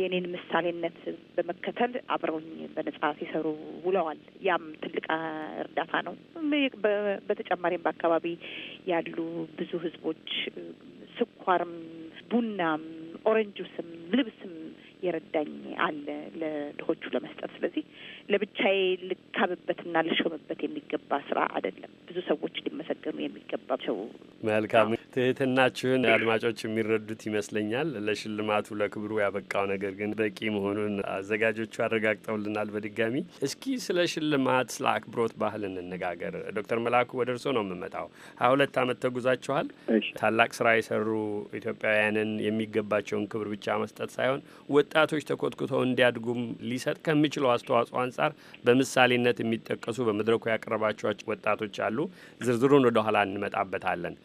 የእኔን ምሳሌነት በመከተል አብረውኝ በነጻ ሲሰሩ ውለዋል። ያም ትልቅ እርዳታ ነው። በተጨማሪም በአካባቢ ያሉ ብዙ ህዝቦች ስኳርም፣ ቡናም፣ ኦረንጅ ጁስም፣ ልብስም የረዳኝ አለ ለድሆቹ ለመስጠት። ስለዚህ ለብቻዬ ልካብበትና ልሾምበት የሚገባ ስራ አይደለም። ብዙ ሰዎች ሊመሰገኑ የሚገባቸው መልካም ትህትናችሁን አድማጮች የሚረዱት ይመስለኛል። ለሽልማቱ ለክብሩ ያበቃው ነገር ግን በቂ መሆኑን አዘጋጆቹ አረጋግጠውልናል። በድጋሚ እስኪ ስለ ሽልማት፣ ስለ አክብሮት ባህል እንነጋገር። ዶክተር መላኩ ወደ እርሶ ነው የምመጣው። ሀያ ሁለት አመት ተጉዛችኋል። ታላቅ ስራ የሰሩ ኢትዮጵያውያንን የሚገባቸውን ክብር ብቻ መስጠት ሳይሆን ወጣቶች ተኮትኩተው እንዲያድጉም ሊሰጥ ከሚችለው አስተዋጽኦ አንጻር በምሳሌነት የሚጠቀሱ በመድረኩ ያቀረባቸኋቸው ወጣቶች አሉ። ዝርዝሩን ወደኋላ እንመጣበታለን።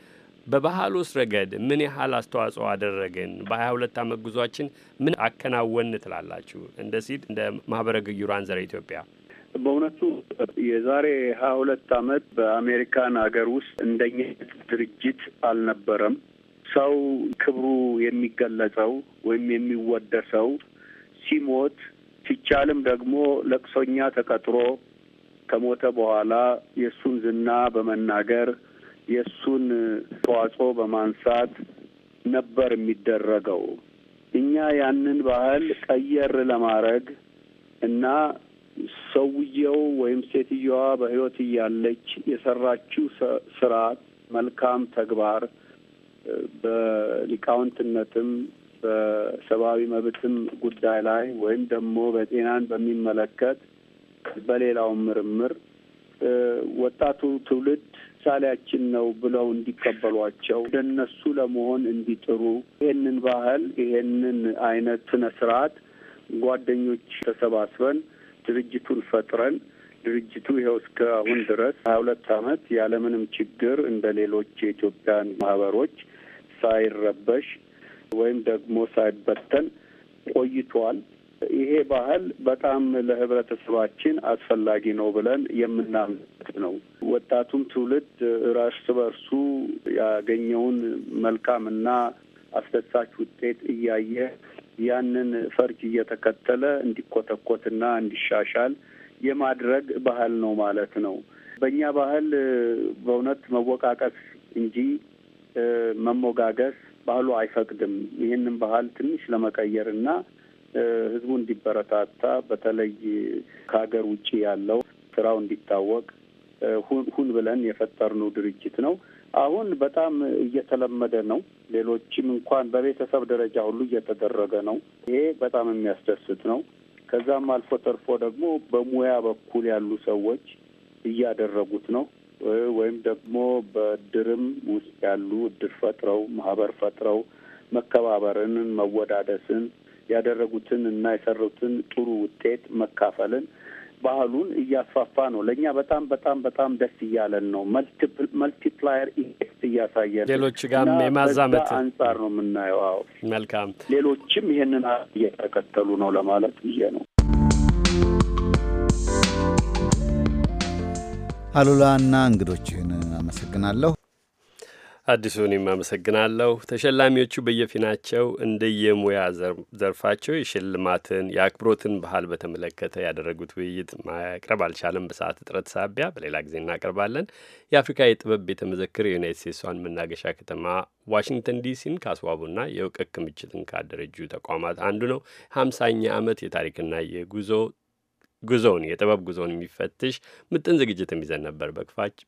በባህል ውስጥ ረገድ ምን ያህል አስተዋጽኦ አደረግን? በ22 ዓመት ጉዟችን ምን አከናወን ትላላችሁ? እንደ ሲድ እንደ ማህበረ ግዩራን ዘረ ኢትዮጵያ በእውነቱ የዛሬ ሀያ ሁለት አመት በአሜሪካን ሀገር ውስጥ እንደኛ ድርጅት አልነበረም። ሰው ክብሩ የሚገለጸው ወይም የሚወደሰው ሲሞት ሲቻልም ደግሞ ለቅሶኛ ተቀጥሮ ከሞተ በኋላ የእሱን ዝና በመናገር የእሱን ተዋጽኦ በማንሳት ነበር የሚደረገው። እኛ ያንን ባህል ቀየር ለማድረግ እና ሰውየው ወይም ሴትየዋ በሕይወት እያለች የሰራችው ስራ መልካም ተግባር በሊቃውንትነትም በሰብአዊ መብትም ጉዳይ ላይ ወይም ደግሞ በጤናን በሚመለከት በሌላው ምርምር ወጣቱ ትውልድ ምሳሌያችን ነው ብለው እንዲቀበሏቸው እንደነሱ ለመሆን እንዲጥሩ ይህንን ባህል ይሄንን አይነት ስነ ስርዓት ጓደኞች ተሰባስበን ድርጅቱን ፈጥረን ድርጅቱ ይኸው እስከ አሁን ድረስ ሀያ ሁለት አመት ያለምንም ችግር እንደ ሌሎች የኢትዮጵያን ማህበሮች ሳይረበሽ ወይም ደግሞ ሳይበተን ቆይቷል። ይሄ ባህል በጣም ለህብረተሰባችን አስፈላጊ ነው ብለን የምናምንበት ነው። ወጣቱም ትውልድ እርስ በርሱ ያገኘውን መልካምና አስደሳች ውጤት እያየ ያንን ፈርጅ እየተከተለ እንዲኮተኮትና እንዲሻሻል የማድረግ ባህል ነው ማለት ነው። በእኛ ባህል በእውነት መወቃቀስ እንጂ መሞጋገስ ባህሉ አይፈቅድም። ይህንን ባህል ትንሽ ለመቀየር እና ህዝቡ እንዲበረታታ በተለይ ከሀገር ውጭ ያለው ስራው እንዲታወቅ ሁን ብለን የፈጠርነው ድርጅት ነው። አሁን በጣም እየተለመደ ነው። ሌሎችም እንኳን በቤተሰብ ደረጃ ሁሉ እየተደረገ ነው። ይሄ በጣም የሚያስደስት ነው። ከዛም አልፎ ተርፎ ደግሞ በሙያ በኩል ያሉ ሰዎች እያደረጉት ነው። ወይም ደግሞ በእድርም ውስጥ ያሉ እድር ፈጥረው ማህበር ፈጥረው መከባበርን፣ መወዳደስን ያደረጉትን እና የሰሩትን ጥሩ ውጤት መካፈልን ባህሉን እያስፋፋ ነው። ለእኛ በጣም በጣም በጣም ደስ እያለን ነው። መልቲፕላየር ኢፌክት እያሳየ ሌሎች ጋር የማዛመት አንጻር ነው የምናየው። አዎ መልካም። ሌሎችም ይህንን እየተከተሉ ነው ለማለት ብዬ ነው። እና እንግዶችህን አመሰግናለሁ። አዲሱን አመሰግናለሁ። ተሸላሚዎቹ በየፊናቸው እንደየሙያ ዘርፋቸው የሽልማትን የአክብሮትን ባህል በተመለከተ ያደረጉት ውይይት ማቅረብ አልቻለም በሰዓት እጥረት ሳቢያ፣ በሌላ ጊዜ እናቀርባለን። የአፍሪካ የጥበብ ቤተ መዘክር የዩናይት ስቴትሷን መናገሻ ከተማ ዋሽንግተን ዲሲን ካስዋቡና የእውቀት ክምችትን ካደረጁ ተቋማት አንዱ ነው። ሀምሳኛ ዓመት የታሪክና የጉዞ ጉዞውን የጥበብ ጉዞውን የሚፈትሽ ምጥን ዝግጅት የሚዘን ነበር።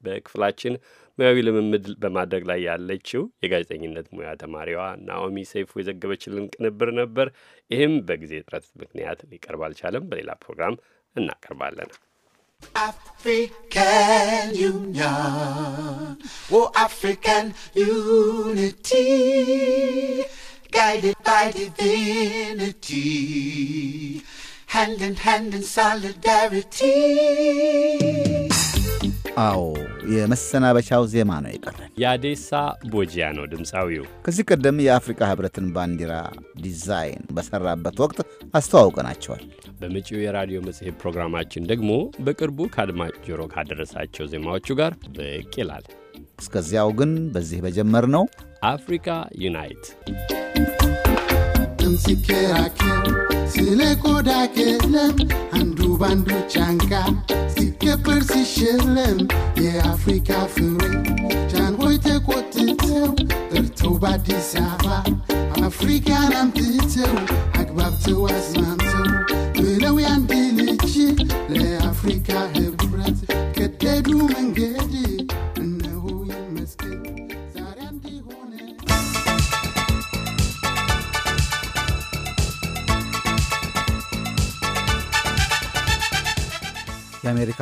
በክፍላችን ሙያዊ ልምምድ በማድረግ ላይ ያለችው የጋዜጠኝነት ሙያ ተማሪዋ ናኦሚ ሰይፉ የዘገበችልን ቅንብር ነበር። ይህም በጊዜ እጥረት ምክንያት ሊቀርብ አልቻለም። በሌላ ፕሮግራም እናቀርባለን። hand in hand in solidarity አዎ የመሰናበቻው ዜማ ነው የቀረን። የአዴሳ ቦጂያ ነው ድምፃዊው። ከዚህ ቀደም የአፍሪካ ሕብረትን ባንዲራ ዲዛይን በሰራበት ወቅት አስተዋውቀናቸዋል። በመጪው የራዲዮ መጽሔት ፕሮግራማችን ደግሞ በቅርቡ ከአድማጭ ጆሮ ካደረሳቸው ዜማዎቹ ጋር ብቅ ይላል። እስከዚያው ግን በዚህ በጀመር ነው አፍሪካ ዩናይት Sileko da kelem, andu bandu chanka, sike persi shelem, ye Afrika fure, chan oite kote teu, tertu badisava, Afrika nam titeu,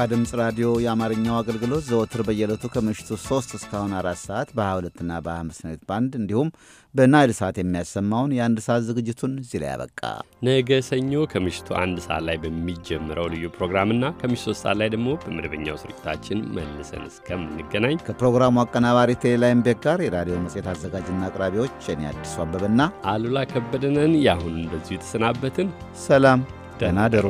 የአሜሪካ ድምፅ ራዲዮ የአማርኛው አገልግሎት ዘወትር በየዕለቱ ከምሽቱ 3 እስካሁን 4 ሰዓት በ22ና በ25 ሜትር ባንድ እንዲሁም በናይል ሰዓት የሚያሰማውን የአንድ ሰዓት ዝግጅቱን እዚህ ላይ ያበቃ። ነገ ሰኞ ከምሽቱ አንድ ሰዓት ላይ በሚጀምረው ልዩ ፕሮግራምና ከምሽቱ 3 ሰዓት ላይ ደግሞ በመደበኛው ስርጭታችን መልሰን እስከምንገናኝ ከፕሮግራሙ አቀናባሪ ቴሌላይን ቴሌላይምቤክ ጋር የራዲዮ መጽሔት አዘጋጅና አቅራቢዎች እኔ አዲሱ አበበና አሉላ ከበደነን የአሁኑን በዚሁ የተሰናበትን። ሰላም፣ ደህና ደሩ።